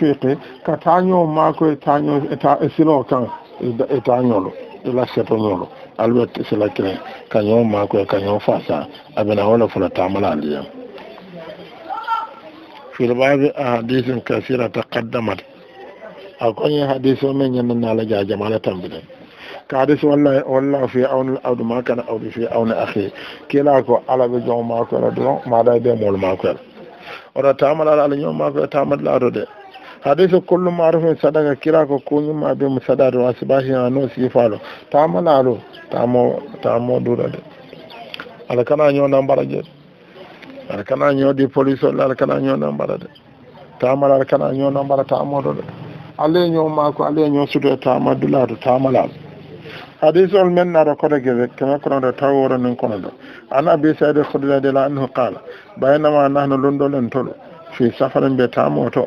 fete ka taa ɲɔgɔn maako silaw kan i t'a ɲɔlo i la seto ɲɔlo ali bɛ sila kelen ka maa maako ka ɲɔgɔn fasa a bɛna wala fɔlɔ taama la ali yan filiba bɛ a ah, kasira ta kaddama a ko n ye hadisi min ɲɛna n'ala ja jamana tanbile kadis wallahi wallahu fi awni al-abd ma kana awdi fi awni akhi kila ko ala be jom ma ko la don ma da be mol ma ko la ora tamal ala ala nyom ma ko tamal la do de hadisa kullum marufin sadaka kira ko kunyi ma be mu sadaka wasu bashi na no falo ta mana ro ta mo ta mo dura de alkana nyo nan baraje alkana nyo di police la alkana nyo nan barade ta mala alkana nyo nan barata amodo de alle nyo ma ko alle nyo sudo ta ma dula do ta mala حديث من نرى كذا كما كنا نتاور من كنا la. أبي سعيد خدلا دلا أنه قال بينما tolo. Fi safarin في سفر بتاموتو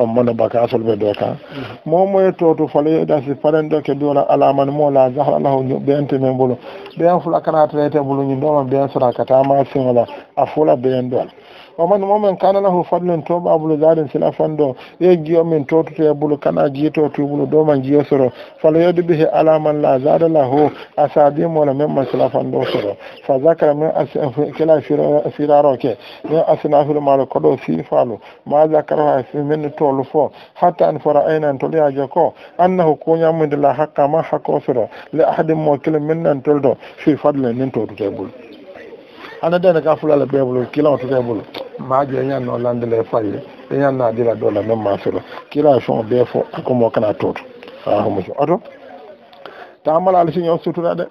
on mana baka asolɓe do kan momo e fale faloyeɗa si parendo ke dola alamani mola jahra lahu ɓeyente men ɓolo ɓeyan fula kana ta bulu ñi ɗoma ɓeyan sora kata ma siŋola a fula bayan dola faman momin kana lahu fadlin to babulu zalin sila fando ye giyo min to to ya bulu kana giyo to to bulu do man giyo soro fal yadu bihi alaman la zada lahu asadi mola min man sila fando soro fa zakara min kila firaro ke min asnafil mal kodo fi falu ma zakara fi min to lu fo hatta an fara ainan to ya jako annahu kunya min la hakka ma hakko soro li ahadin mo kila min nan toldo fi fadlin nin to to bulu ana dana ka fulala be bulu kila to to bulu maaje ñanno lande le e faye ɓe ñanna dila ɗola même mafiro création be fo akomo kana toto ha homoso oto tamal alsigno sutura de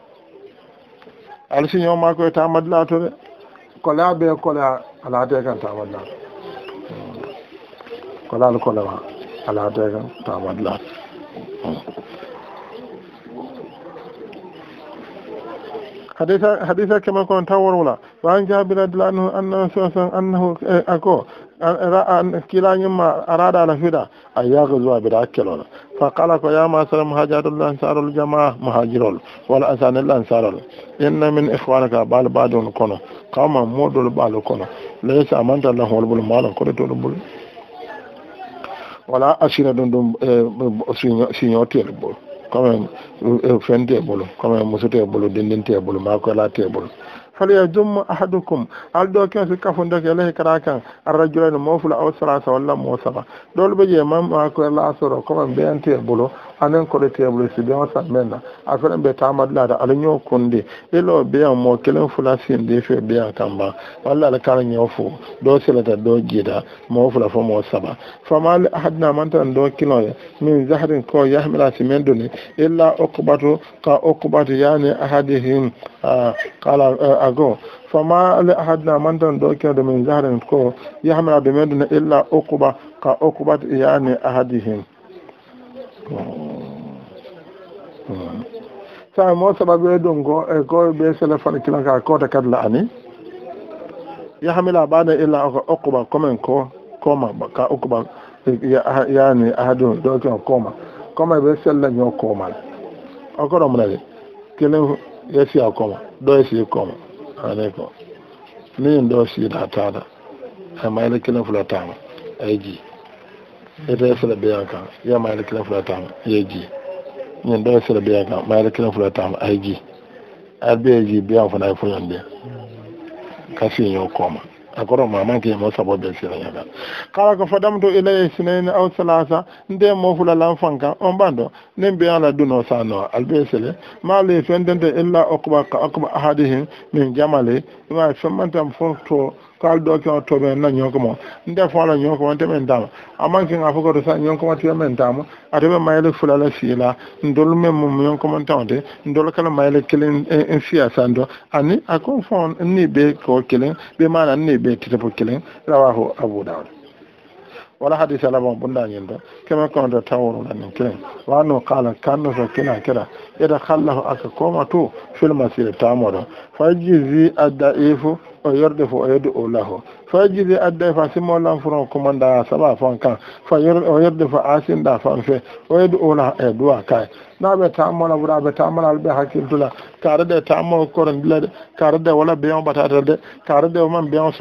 alsigno ma koye tamade lato de kola be kola alate kan tamade lato kolal kola ma alate kan tamade lato hadisa hadisa kema kono taworwla wa an jabir radiyallahu anhu annahu sallallahu eh, annahu ako kilañumma araɗa ala fiɗa a yahzuwa biɗa hakkelola fa qala ko yama sara mohajatullah ansarol jama mohajirol walla asanel ansarol inna min ihwanaka ɓaalo baɗon kono kawma moɗol ɓaalo kono laysa amanta allah holɓol maɗon koɗo toɗo ɓol wala asira comme uh, uh, fen te bolo comme muso te bolo dindin te bolo makola te bolo falyajum ahadukum aldo ken su kafun da ke lahi kara aw salasa be je mam ma ko la asoro comme be bolo anen koɗo teɓre sibiyan sammena a fenen ɓe tamadlade ala ño kunde ilo beyan mo kelen fula sindi fe beya tamba walla ala kala ño fo do silata do jiida mo fila fo mo saba fama ahadna mantan do kiloye min zahrin ko yahmila simen duni illa okubatu ka okubatu yani ahadihim kala ago fama li ahadna mantan do kilodo min zahrin ko yahmila dumen duni illa okuba ka okubat yani ahadihim sa mo sababu e ɗum go e goye ɓe séléphone kilanka koote kadi la ani yahamila ɓaade illa oko okkuba commen ko koma ka okkuba yani ahadum ɗoken koma koma ɓe sella ño komal okoɗo munade kelen yesiya koma ɗo esi koma aleykum ni ɗo e ita e ya sila biya kan ya mayar kilin fula ta ya ji yin da ya sila biya kan mayar kilin fula ta ya ji a biya ji biya fana ya fuyan da kasi yin koma a kɔrɔ maa man kɛ mɔgɔ saba bɛɛ sira ɲɛ kan kala ko fadamu to ila ye sinai ni aw salasa n tɛ mɔɔ fula la n fan kan ɔn b'a dɔn ne bɛ la don o san nɔ ali bɛ sɛlɛ m'ale ye fɛn tɛ tɛ ila ɔkuba ka ɔkuba ahadihin min jamale i b'a ye fɛn man fɔ tɔ kaal do ke to be na nyon ko mo nda fo la nyon ko te men dama aman ke ngafo ko to sa nyon ko ma tiya men dama ade be mayle fula la sila ndol me mum nyon ko mon tawde ndol kala mayle kelen en fiya e, sando ani akon fon ni be ko kelen be mana ni be titepo kelen rawahu abu daud wala hadis bon bunda yinda kema ko ndo tawuru la nin kiran wa no kala kanno so kina kira ida khallahu aka koma to fil masir tamoro adda addaifu o yorde fo o yedde o laho fajizi addaifa simolan furon manda saba fon kan fa o yerde fo da fan fe o yedde o la e duwa kay naɓe bura be tammona alɓe be hakil dula kar de ko dula kar de wala be on batata de kar de o man be be on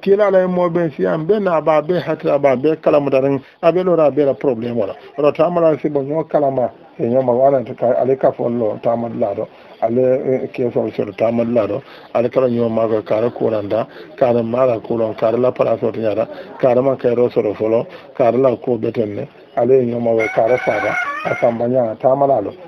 kila la mo si karede oman beyon sorode kilala e moɓen siyan ɓe naɓa ɓe hattira ra be la problem wala ro probléme ola si bo sibo kala ma e wala ñoma walanto ka ali kafollo do ale eh, keso sor tamal lado ale kala nyoma maga kara kuranda kara mara kuron kara la para sor nyara kara ma kairo soro folo kara la ko betenne ale nyoma we kara sada asambanya tamalalo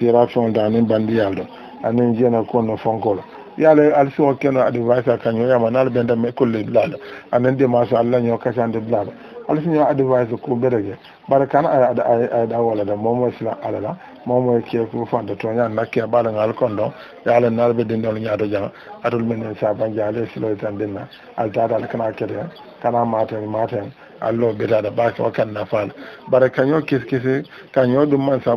sira fɛnw da ani bandiyal ɗo anin jena konno fonkolo yaala alfiwo keno advice a kañum yama naala ɓen dam école blaaɗo anen dimanche la la kasande blaaɗo alfiño advice ko berege da kan ayɗa wolade momo sila alala momo ke ko fande to ñan nakke ɓaɗogal kon ɗon yaala dɔ ɓe dindol ñaato jama adol minen saban jaale siloy tan dinna altata ala kana kete kana maa maten allo betaɗa la bari kanna faala bara kisi kiskisi kaño dun man kan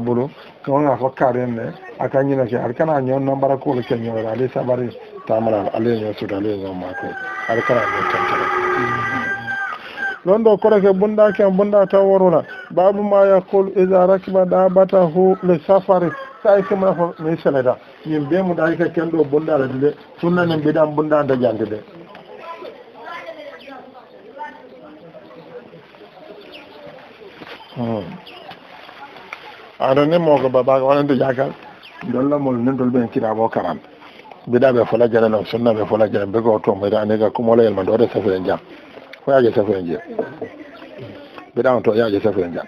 kona fɔ karen ne a kañinake aɗa kana ño noon mbara kuolo keñoore le sabari tamaral y'o ño suuta alay y'o mako aɗa kana ño tantara do ɗo koreke bunda en bunɗa taw woruna babu ma yaqul iza rakiba hu le safari sa ike mona fo mi seleta min mbimuɗa ike ken ɗo bunɗaɗa de sunnanen mbiɗan bunda dajante de Hmm. aɗa ni moko babaka wonande yakal dollamol nin dol ɓen kirabo karanta mbiɗaɓe fola jara no sunnaɓe fola jara mbego o toon mbayta aniga kumoloyel ma doode safuren jam fo yaaje safuren jeer mbiɗan to yaaje safuren jam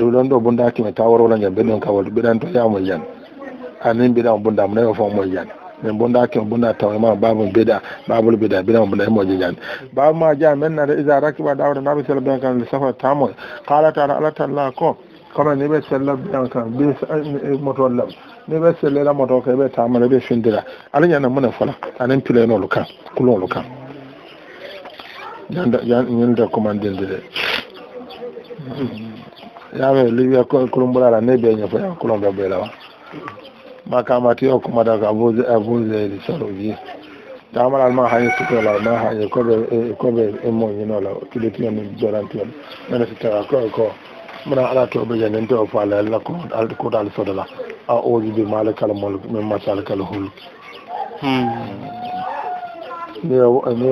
ɗum ɗon ɗo bunda kime tawor wola jam mbiɗon kawol mbiɗan to yamoy jan anin mbiɗan bunda mu nayi o fo moy jan nin bunda ke bunda tawma babul bida babul bida bida bunda e mo jinyan bab ma ja men na da iza rakiba dawra nabi sallallahu alaihi wasallam safa tamul qala ta'ala allah ta'ala ko kama ne be sallam dan kan be moto lam ne be sellela moto ko be tamara be shindira alin yana mun fala anan pileno lukan kulon lukan yanda yanda commandant de ya ko ne be kulon be makamatiyo kuma daga abu zairi saroji tamar alma hayi suko la ma hayi kobe e, kobe emo yino la tude tiyo ni joran tiyo mena na tara ko ko muna ala to bai janen to fa la la ko al ko dal so a o bi mala kala mol me ma sala kala hul hmm. ne ya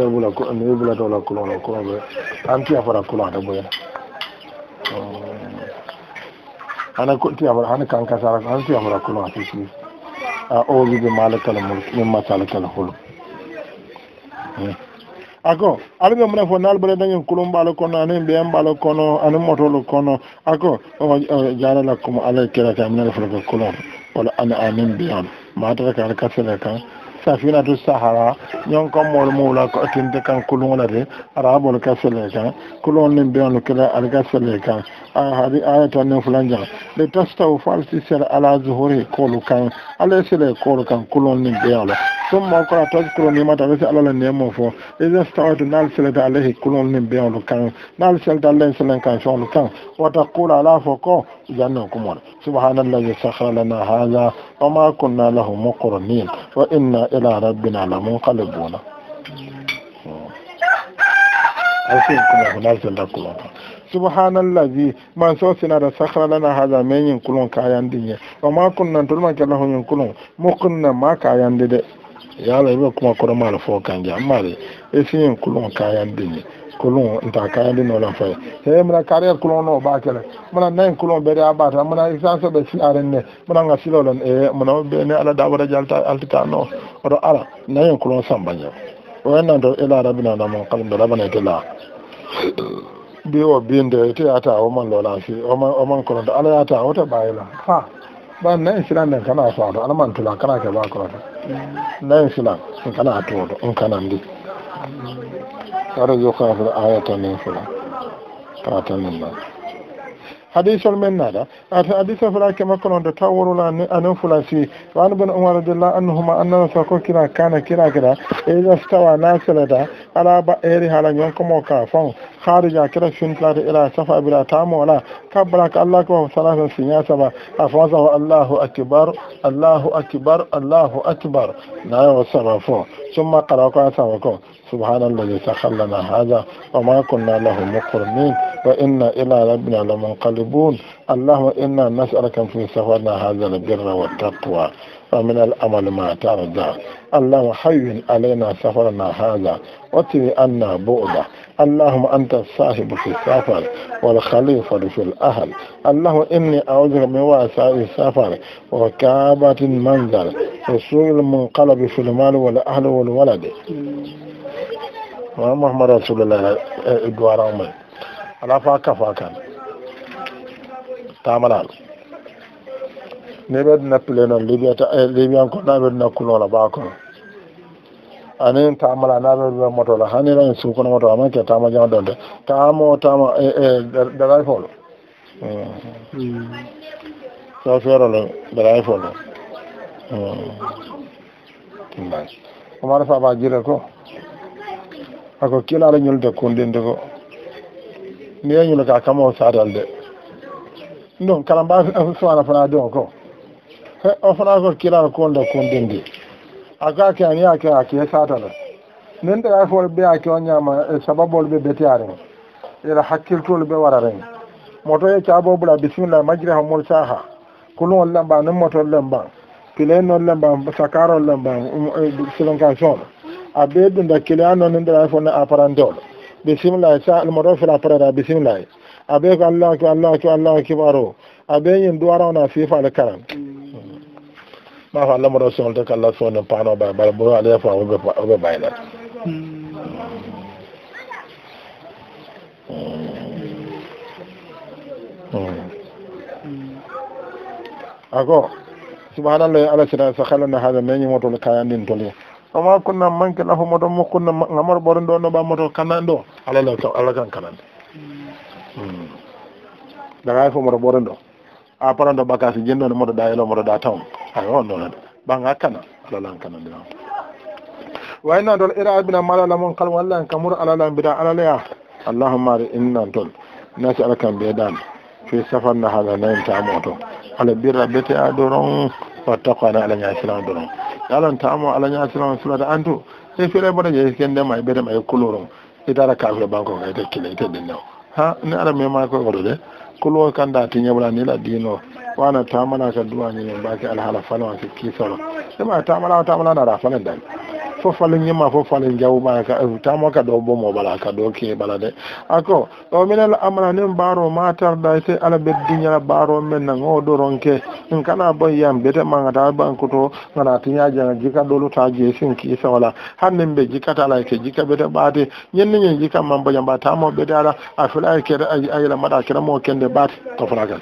bula ko ne ya bula to la ko la ko be an tiya fara ko la da boya oh. ana ko tiya fara kan kasara an tiya fara ko la ti أعوذ بمالك الملك مما سالك الخلق ako ala ɓe mona fo naal ɓaɗa dañen kulum ɓaalo kono anen ɓeyan ɓaalo kono anen motolo kono ako jara jarala komo ala kira ka minal fota ko kulum wala ana anen mbiyan matata ka ala kasele kan safinatu sahara ñon ko mol mula ko tinte kan kulungla de arabol ka sele kan kulon nin be on kala al ka sele kan a hadi ayata ne fulanja le tastaw falsi sel ala zuhuri kolu kan ala sele kolu kan kulon nin be ثم أقرأ تذكر نعمة التي على النعمة فو إذا استويت نال سلت عليه كلون من بيان كان نال سلت عليه سلن كان شون كان وتقول على فوق جنكم سبحان الذي سخر لنا هذا وما كنا له مقرنين وإنا إلى ربنا لمنقلبون subhanallazi man so sina da sakra lana hada men yin kulon kayan dinye wa ma kunnan tulma kallahu yin kulon mu kunna ma kayan dide yala i bɛ kuma kɔrɔmaale fɔ kan m'a mari i si ye kolon kayan den ye kolon nta kayan den la fɔ ye ee mina kariyɛri kolon n'o b'a kɛlɛ mana n'a ye kolon bɛɛ de y'a b'a ta mina isanse bɛ si are ne mana n ka si la ee mina bɛ ne ala da wɛrɛ jali ta ali ta nɔ o ala n'a ye kolon san ban ye o ye nan to e la arabi na lamɔ kalim dɔ labana ite la bi o bin de y'a ta o man lɔ la si o man da ala y'a ta o tɛ b'a ye la ba nan silan da kana so to alman tula kana ke ba ko nan silan sun kana to to in kana ndi tare zo kana ayatan nan silan kana tan nan hadisol men naɗa ata hadisa fulake makko noon de tawworula anen fula si wan bon umar radiallah annuhuma annana sa ko kira kana kira kira ida e stawa naselata ala ba eri haala ñonkomo ka fon haarija kira fintlata ila safa bila tamo wala kabbala ko allah ko salatan siña saba a fonsaho allahu akibar allahu akibar allahu akibar nayo saba fo ثم قرأ سوكو سبحان الذي سخر لنا هذا وما كنا له مقرنين وإنا إلى ربنا لمنقلبون اللهم إنا نسألك في سفرنا هذا البر والتقوى ومن الأمل ما ترضى اللهم حين علينا سفرنا هذا واتني أنا بؤدة اللهم أنت الصاحب في السفر والخليفة في الأهل اللهم إني أعوذ من واسع السفر وكابة المنزل وسوء المنقلب في المال والأهل والولد اللهم رسول الله إدوار أمي على فاكا فاكا تعمل ne bɛ na ليبيا na libiyata libiyɛn kɔnɔ n'a bɛ na anin tamala na da moto la hani ran su kono moto amma ke tama jama don ta tamo tama eh, eh, da rifle so fero lo da rifle hmm. umar fa ba jira ko A ko kila la nyul de kunden de ko ni nyul ka kamo sadal de non kalamba so ana fana don ko he o fana ko kila da ko kunden de a ka ke ani ake ake sata la nin da for be ake onya ma e sababu be betiare ila e hakil tol be wararen moto ye chabo bula bismillah majriha mursaha kulun ba nan moto lamba kile no lamba sakaro lamba silon kan son abe din da kile ano nin da for na aparandol bismillah sa al moto fil aparada bismillah abe ko allah ko allah ko allah a abe yin duwara na fifa al karam ma fa lamaro sɔŋ tɛ ka lasɔn ne paano ba bari bolo ale fa o bɛ o bɛ bayi la. Mm. Mm. Mm. ako subhanallah ala sira sakhala na hada men yimoto kayan din tole amma kunna manke lahu moto mo kunna ngamar boron do no ba moto kanan do ala la ala kan kanan daga fo moto boron do a parando ɓakasi jinnono moɗoɗa elo moɗoɗa taw ay on noon ade ɓaga kana alalan kana ndira wayna dol ira abina malala moon kala wallahen kam wuro alalan mbira alalaya allahumari innan toon nasi ala kam mbiyeɗan fi safanna haala nayintamo to ala birra bete a doron wattakoana ala ñasilan doron alan tamo ala ñasilan sulata antu e fire mboɗa jeey kendema e ɓetema e couleur o itara kafe banko kay e te kile ite e ɗinnaw ha ni ara mema koy oto de kulo kan da tin yabra ne la dino wana mana ka duwa ne ba ki alhala falwa ki ta mana ta mana na rafalan dan fo falin yima fo falin jaw ɓa ka tamo ka ɗo bomo ɓala ka ɗo ke de ako o minel amana nin baro ma tarda sey ala beddiñala baro men nan o doronke in kana boy yam bete ma gata bankuto gana tiñajana jika ɗoluta je sin kiisa wala hannin ɓe jikata ala ke jika ɓete ɓaate ñenni ñin jika man boƴa mba tamo ɓete ala a fila kede ayila maɗa kiramo kende ɓaate kofragal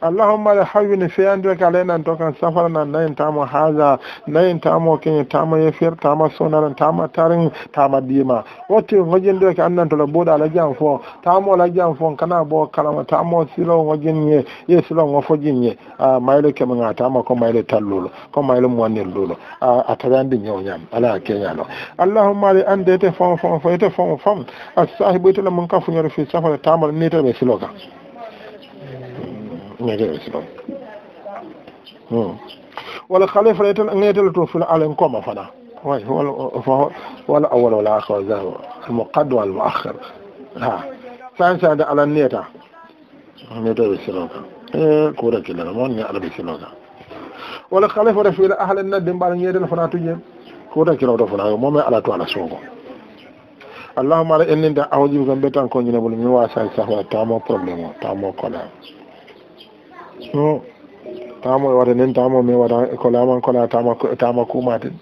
allahumma ala hawini feyandire ka alanan to kan nan nayin tamo haga nayin tamo keñe tamo ye fir tamo sonaron tama tarin tama dima wotti gojinɗo ke andantola mboɗa lajam fo tamo lajam fo kana bo kalama tamo silo gojinñe ye silo go fojinñe maylo keɓega tama ko maylo tallulo ko maylo moannir lulo a tawandi ñewñam ala keñano allahumma ali ande te fom fom fo ete fom fom a sahibo itela mun kafuñor fi safata tamal ni tee silo ga ñeee silo hmm. walla kalifa etel ngeetela to fula alen koma fana هو الأول والآخر والذهب المقد والمؤخر ها فإن سعد على النية نيته بالسلوكة كورا كلا نمون نعلم بالسلوكة ولا خلف رسول أهل الندم بعد نية الفنا تجيب كورة كلا رفنا مما على تو على سوق اللهم على إن أنت أعوذي بكم من بيتان كون جنبول من واسع سهوة تامو بروبليمو تامو كلا تامو وارنين تامو مي وارا كلا تامو كوماتين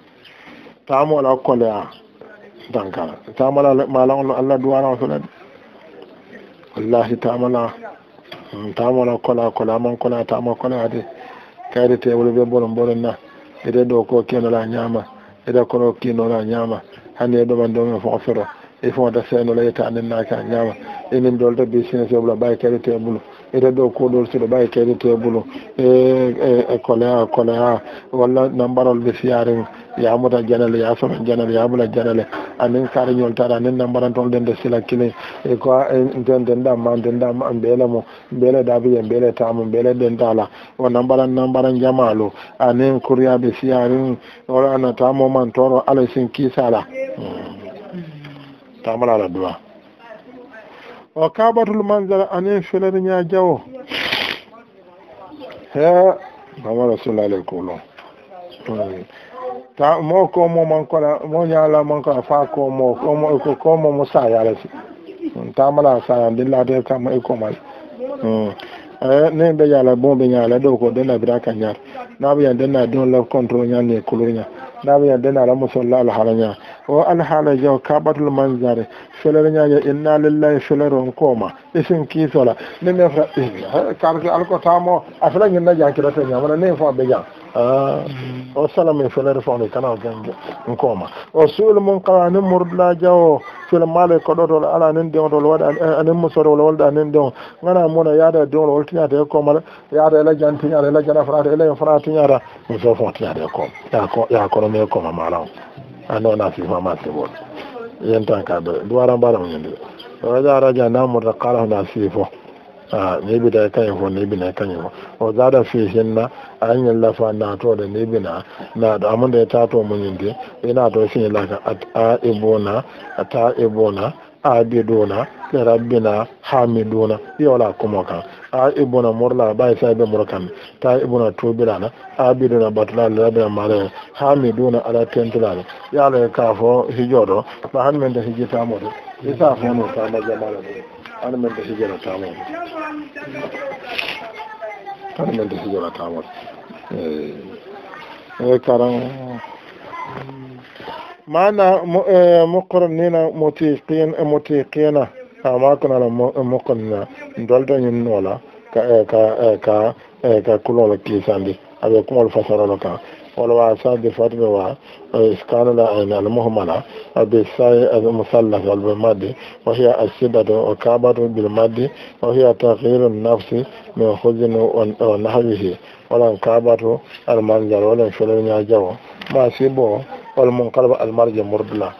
taamola koleya dankara taamala malaŋol allah duwanaŋo sole de wallahi taamala mm, taamola kola kola man kola taama kola de kayde tewol ɓe bolon bolon na ede ɗo ko kenola ñaama ede kono kinola ñaama hande ɗoman ɗomen fon fero e fonta seenola yetta anen naaka ñaama enen dolta bi sine sobla ɓay kayde tebulu ite ɗo kuuɗol siɗo ɓay keyde tebulo e, e, e koleya a walla nambarol ɓe siyarin yamuta janale ya janale yabula janale anin kariñol taɗa anin nambarantol ɗen de e ko ten den ɗamma den ɗamma dabiye mbeele tamo mbeele ɗen o nambaran nambaran jamalu anin kuryaɓe siyarin ola anatamoman toro alay sin kisala hmm. tamala duwa o kaɓatul mandara anin felariña jawo he mama rasulla alay kolo ta mo komo mankoɗa mo ñala mankoɗa fa komo komo eko komo mo sayala si hmm, ta mala saya dillade kamma ekomal eyi nin ɓe ñala bon ɓe ñala ɗo ko hmm. e, denna biraka ñar naɓe ña denna don la contrôle ñanni couleur ña naɓe yan denara musolla alhaalaña o alhaala jaw kaɓatul manjare felereñaje inna lillahi feleron koma isin kiisola ni min fota eh, kar alko tamo a na ñinna jankirate ñamana ni fo be jang o sala min felere fonde kana gange nkoma o suul mun qala nin murdla jawo fil male ko dotol ala nen de dotol wada ani musoro wala wada nen de ngana mona yada de wala wala de ko mala yada la janti yada la jana frate ila frate nyara mi so fon tinyata ko ya ko ya ko me ko ma mala ano na fi ma se bon yen tan ka do duwaran bara mun ndi raja raja na murda qala na fi fo Ah, ne bida kan yi ko ne bina kan yi o oh, za da fi hin na an yi lafa na to da ne na na da amma da ya tato mun yin de ina to shi ne laka a ibona ta ibona abiduna le rabbina hamiduna yola kuma kan a ibuna murla bay sai be murkan ta a' ibuna tubilana abiduna batla le rabbina mare hamiduna ala tentulana yala ka fo hijodo ba hanmen da hijita modo isa fo no ta majamala hani men to hijira tamon hani men to hijira tamon eh. e eh, karan mana eh, muqarnina mutiqin mutiqina kana la nola ka ka ka ka kulola kisandi abe والواسع a و وإسكان العين المهملة بالساء المثلث بالمد وهي الشدة وكعبة بالمد وهي تغيير النفس من خزن ونحوه ولن كعبة المنزل ولن فلن يجو ما سيبو والمنقلب المرج مردلا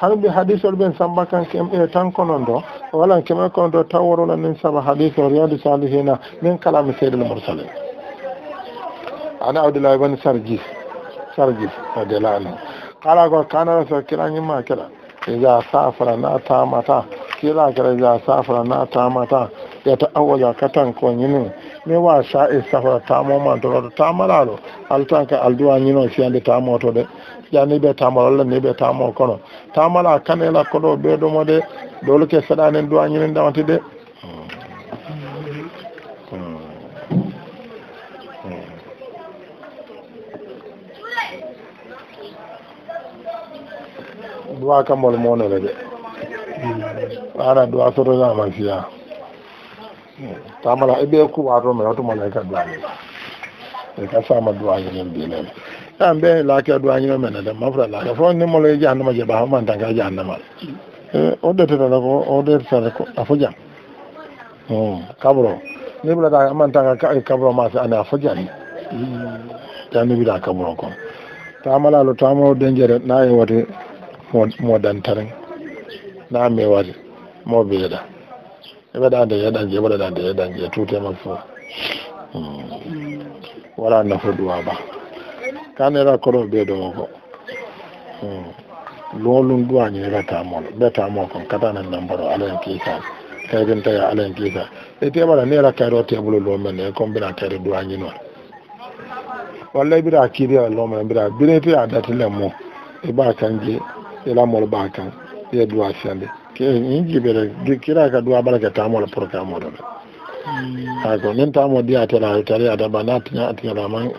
har bi hadisol ɓen samba kan kemɗe tan konon walan keme konon ɗo taw worona saba hadis riyadu salihina min kalami seydel moursalin ana abdoulahi bani sarjis sarji radiyallahu anhu qala ko kana rasul kila nyima kila idza safara na ta tamata kila kila idza safara na ta tamata ya ta'awwala katan ko nyinin ne wa sha sa'i safara ta man to tamalalo altanka alduwa nyino fiande tamo to de jani be ta la ne be ta tamo kono tamala kanela kodo be do de dole ke sadane duwa nyinin dawati de duwa kambol monole de ana duwa sotoñama fiya mai i ɓe kuɓato ne otumala e e ka duwañi ne e ka sama duwañinen mbinene an duwa ne ne ne da mafra laake fo nimolo e jahannama je ɓafa mantanka jahannamal o ɗetetala ko o ɗetetala ko a fo jam hmm, kabro ni ɓilata ka kabro masa ana a ne ta ne ni da kabro ta mala lo tamao n'a yi wote modantaren na d'a mewari mo beeda e waɗande yeɗan je waɗaɗande e yeɗan je tutema fo hmm. wala nafo duwa ba kanera koɗo ɓeeɗo o ko hmm. lolum nan tamol ɓe tamo kon katanen nambaro alaen kiikan kayrin tawi alaen kiika e teɓaɗa nera kayro tebulo lomen en comme mbiɗa kayre duwañinol wallay mbiɗa kiiriya lomen mbiɗa birete a datilen mum e ɓa kanje ila mol ba kan ya duwa sande ke in jibere kira ka duwa baraka ta mol program mo a hmm. ko nen ta mo dia tela tare ada banat nya atiya man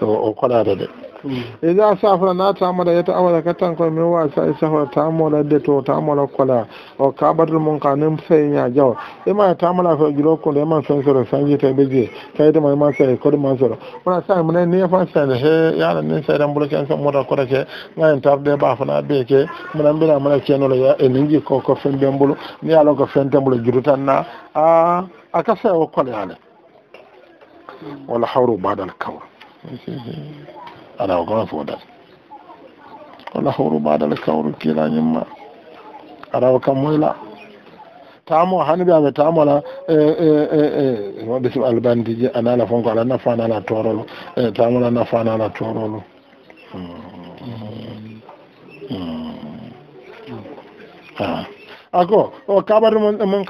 o kola da de Mm. iza safara na ta ya ta yata ka katan ko min wa sai safara tamara de to tamara kola o kabatul mun kanin sai nya jaw ima tamara fa giro ko da man san soro sanji ta beje kai da man sai ko da man soro muna sa mun ne fa sai he ya nan ne sai dan bulokan san mota ko rake tar tarde ba fa na be ke mun bira mun ke no ya eningi ko ko fen bembulo ni ala ko fen tambulo t'an na a ka akasa o kola ala mm. wala hawru ba'da al-kawr mm. ala o kawa foda wala horo baɗala kawru kilañimma arawa kam moyla tamo hani ɓe aɓe tamola waɗi so albandiji ana ala fonko ala nafana torolo torolo ako o kanin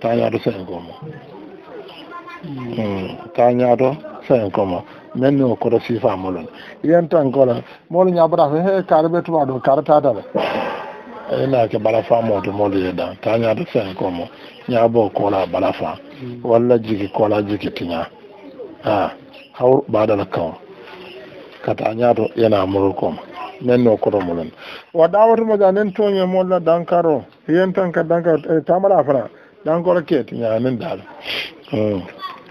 ta ka ñaato sayin koma men ni o koto siifa molon yen tan kola moolu ñaabata fe he kaari ɓe tuma ɗum kaari tatale ina ke bala famoto moolu ye dan ka ñaato sayin komo ñaabo kola bala fa jigi jiki kola jiki tiña a hawr ɓaɗala kaw kata ñaato yana molol koma men no koto molon wa ɗawatumo ja nen toñe molla dankaro yen tan ka dankaro eh, tamala fana dankoro keeti ñanen daal hmm.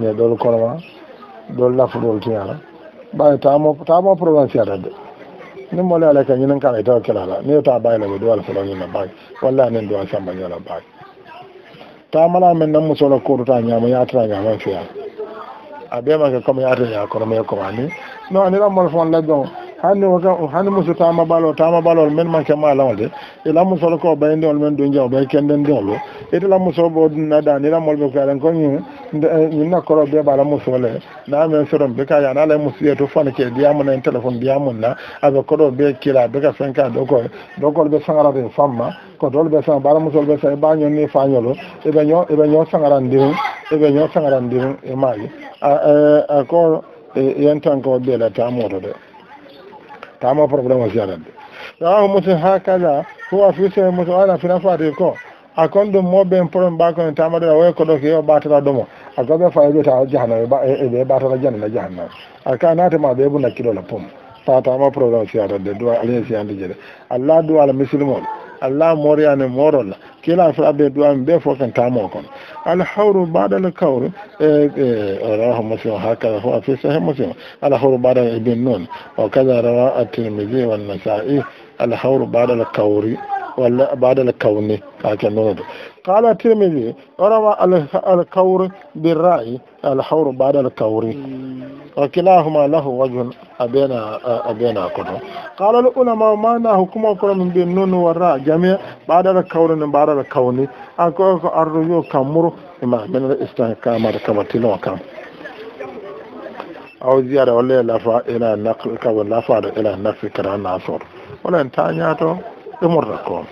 mais ɗol koroma ɗol lafuɗol mo ɓawi tamo tamo probléme fiyata de ni mole ala ka ñinen kana itawa kelala ni yota bayi laɓe na folo ñinna baaki walla anen duwal samba ñola baaki tamala men nan musola koruta ñama yatata ñaman fiyala a ah, ɓemake comme yatata ña koroma ye koma ni non ni ɗammol fon la jon hanni woka hanni musu tama balo tama balo men ke ma wonde e lamu solo ko ɓayndiol men ɗo jaw ɓay kenden e ete lamu so ko naɗani ko ni koyaɗen na min nakkoro ɓe ɓa lammu n'a namen soron ɓe ka yana musu e to fone ke diyamuna en téléphone na aɓe koro ɓe kila be ka ko do ko be sangara be e famma e e eh, ko tol ɓe sang baramusol ɓe sang e bañol ni fañolo e ño eɓe ño sangarandirum eɓe sangara sangarandirum e maaji ko yen tan ko la tamoto de siya da probléme o siyatande rawahu muslim hakaza huwa fi sahih muslim e ala fina fati ko a kon ɗum moɓɓe probléme ɓakone tamaɗoɗa woy ko ɗo ko yo ɓatata ɗumo a koɓe fayido ta a jahannam ɓe ɓatata jannana jahannam a ka natema ɓe ɓu nakkiɗola pom fatama probléme siyatande duwa alañi siyande jeɗe allah duwa ala misilmol Allah moriya ne la, kila fula ɓe duwami ɓe fof ken kamo kono alhawru baɗal kawru e rawahu muslim hakaza fo fi sahih nun rawa at-tirmidhi kawri kawni قال الترمذي روى الكور بالرأي الحور بعد الكور وكلاهما له وجه أبينا أبينا كله قال العلماء ما نحكم كل من بالنون والراء جميع بعد الكور بعد الكون أكو الرجوع كمر ما من الاستحكام كما تلو كم أو زيادة ولا لفا إلى نقل كم لفا إلى نفس كرام ناصر ولا انتانياتو يمركم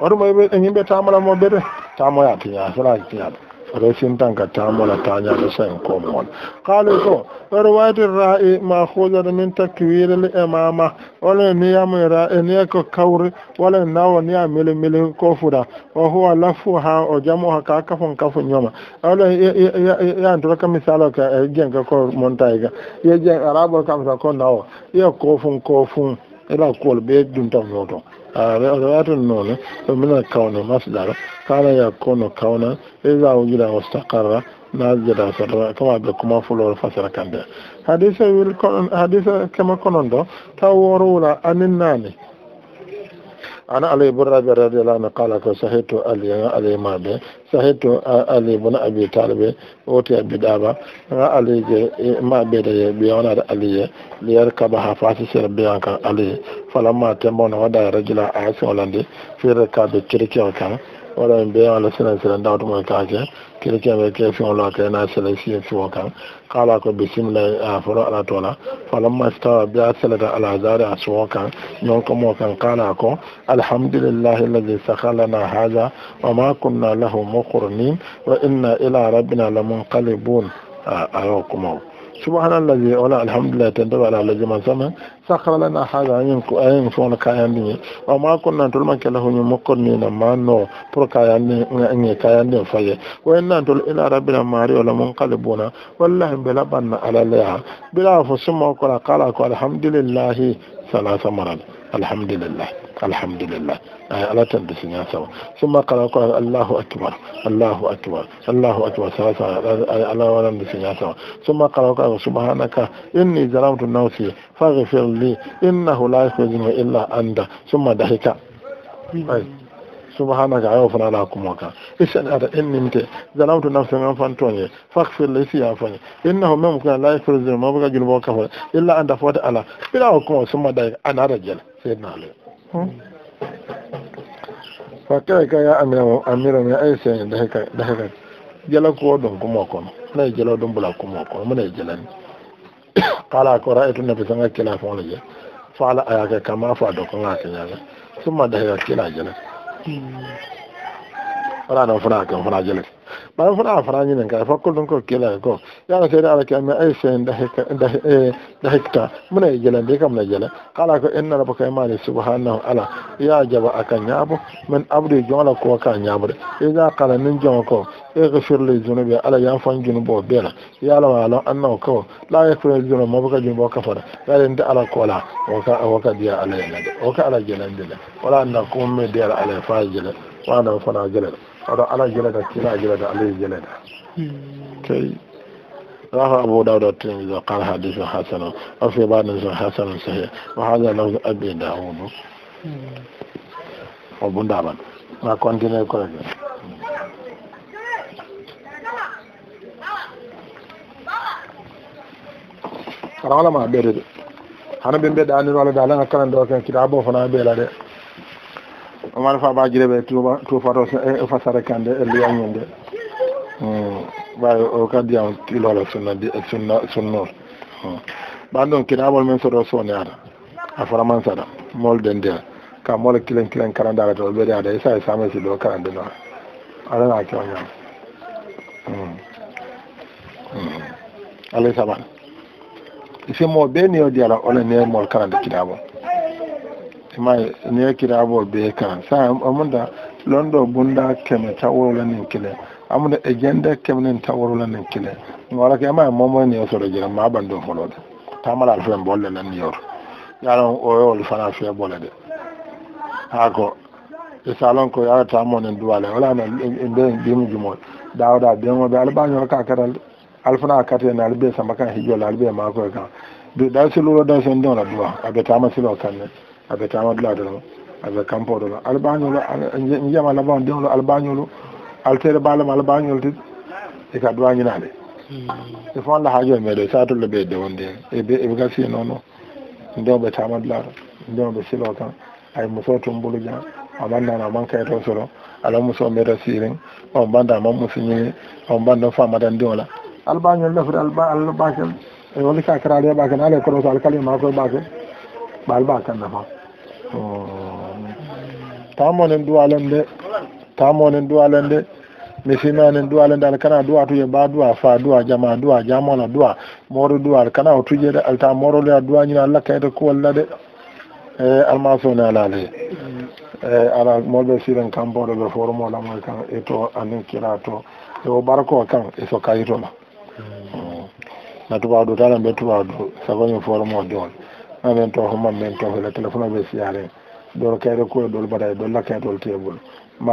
waɗum ɓe ɓen yimɓe tamola mo ɓede tamoya tiña sala tiñaɗo resintan ka tamola tañaɗo sen komon kaali ko ɗoɗo ra'i ma hujata min takwirel imama wala niyamu ra'i e niya ko kawri wala nawo niya mili mili e, ko fuɗa o huwa lafu ha o jamu ha ka wala ka ka ko jen ko nawo iya kofun kofun ila kol ɓe rawatan nono to mina kauno masdar kana ya kono kauna iza wujuda wastaqarra nazira sarra kama be kuma fulo fasara kande hadisa wil kono hadisa kama kono do taworula aninani ana ali ibn rabi radiyallahu anhu qala ko sahaytu ali ya ali ma be sahaytu ali ibn abi talib oti abi daba ra ali je ma be de bi ona ali ya li yarkaba ha fasi sir bi ali falamma tambona wada rajula asolande fi rakatu chirikan kan wala mbe ala sina sina dawtu mo kaje kire kebe ke fion lo ke na sele si fion kan kala ko bisimila a foro ala tola falamma stawa bi ala a suwa kan nyon ko mo kan kala ko alhamdulillahi alladhi sakhalana hadha wa ma kunna lahu muqrinin wa inna ila rabbina lamunqalibun ayo kuma subhanan lazi wani alhamdulillah ta dabar alhaji man sama sakara lana haga yin kuwayin fona kayan ne amma kuna tulma kela hunyin mukon ne na mano pro kayan ne nye kayan ne faye wani nan tul ina rabbi na mari wala mun kalibuna wallahi bela banna alaliya bela fa suma kala kala ko alhamdulillahi salasa maral alhamdulillah alhamdulillah ay ala sun siña sun ma kala ko allahu akbar allahu akbar allahu akbar sawa alawaran ala sun siña sun ma kala ko subhanaka inni zalamtu nafsi faghfir li innahu la zuma illa anta ma dahika ay subhanaka ayo fana la kuma ka isa isan da inni mte zalamtu nafsi ngam fan tonye faghfir li siya fan innahu mem kan la yakhrujuhu ma baga julbo ka fa illa anta fota ala bila ko summa dahika ana rajal sayyidina ali fakai ka ya amira amira e ne ai sai da haka da haka jala ko don kuma ko na e jala don bula kuma kon mun ai e jala kala ko ra'aytu nabi sanga kila fa wala je fa ala ayaka kama fa do ko ngaka nyaga summa da haka kila jala hmm. wala ɗon fana kan fana jele fara fana fana ñinen kay fokkol ɗum ko kiilaka ko yana seede ala kami ay sen dahikta eh, mune jele ndi kam ne jele kala ko inna rabaka imani subhanahu ala ya jaba aka ñaabo min abdi jola ko ka ñaabude ida kala min jongo ko egfirle junubi ala yan fan junubo beela yalama alon annaw ko la yakfirle junub mabaka junubo kafara yaɗende ala kola woka diya ala yenade woka ala jelendile wala anna kummi diyal ala fa jele wana fana jelele هذا على جلدة كلا جلدة عليه جلدة كي راه أبو داود الترمذي قال حديث حسن وفي بعض حسن صحيح وهذا لفظ أبي داود أبو داود ما كنت نقول أنا ما بيرد أنا بيمبي داني ولا دالنا كلام دوكان كتابه فنان بيلاده ba jirebe omar fa ɓajire ɓe tufato fasara kande e liyañinde ɓay o kadiyam tilole sunna sunna sunnor ɓan ɗon kinaɓol men soɗo soneyata a fara faraman saɗa molde ndea ka mole kilen kilen da to ɓeɗe ada isa si do ɗo karande no alana kew ñam hmm. hmm. alay saban simo ɓe niyo diyala ole nemol karande kinaɓol ismail ne kira abo be kan sa amunda londo bunda keme tawro lanin kile amunda agenda keme nin tawro lanin kile wala ke ma momo ne so do jira ma bando folode tamala alfen bolle nan yor yaron o yo fana fe bolade ha ko e salon ko yara ta monen duwale wala na nden bimu jumol dawda bimu be albanyo ka karal alfana kate na albe samaka hijo albe ma ko kan da su lura da sun dona duwa a ga ta masu aɓe tama dulatolo aɓe kampoɗolo albañolo jiyama laban dewlo albañolo altere balama albañol tit e ka duwañinade mm. e fo alla haajo meɗo satullo ɓe dewonde eɓe ga si noon ndewɓe tama dulato ndewɓe silo kan ay muso tumbulu jan aman nana aman kayto solo ala muso meɗo sirin on banda aman musiñini on banda famadan diwola albañol lefre albakel e woli ka karaɗe ɓaken ala koɗoto alkalima koye ɓakel ɓal ɓaken nafa Oh. tamonen duwalen de tamonen duwalen de mi simanen duwalen de al kana duwa tuje mba duwa fa duwa jama duwa jamola duwa moro duwa al kana o tuje de alta morole a duwa ñina alla kayde kuwalla de e almasone alaale e ala molɓe siren kamboɗo ɓe forumolamoy kan e to anin kira to e o ɓarako kan e so kayitoma mm. na tubaɗo talan ɓe tubaɗo sagoñu forumo de on anen to homman men to hole téléphone ɓe siyaren ɗol kayre koye la mbaɗa e ɗol ma tebol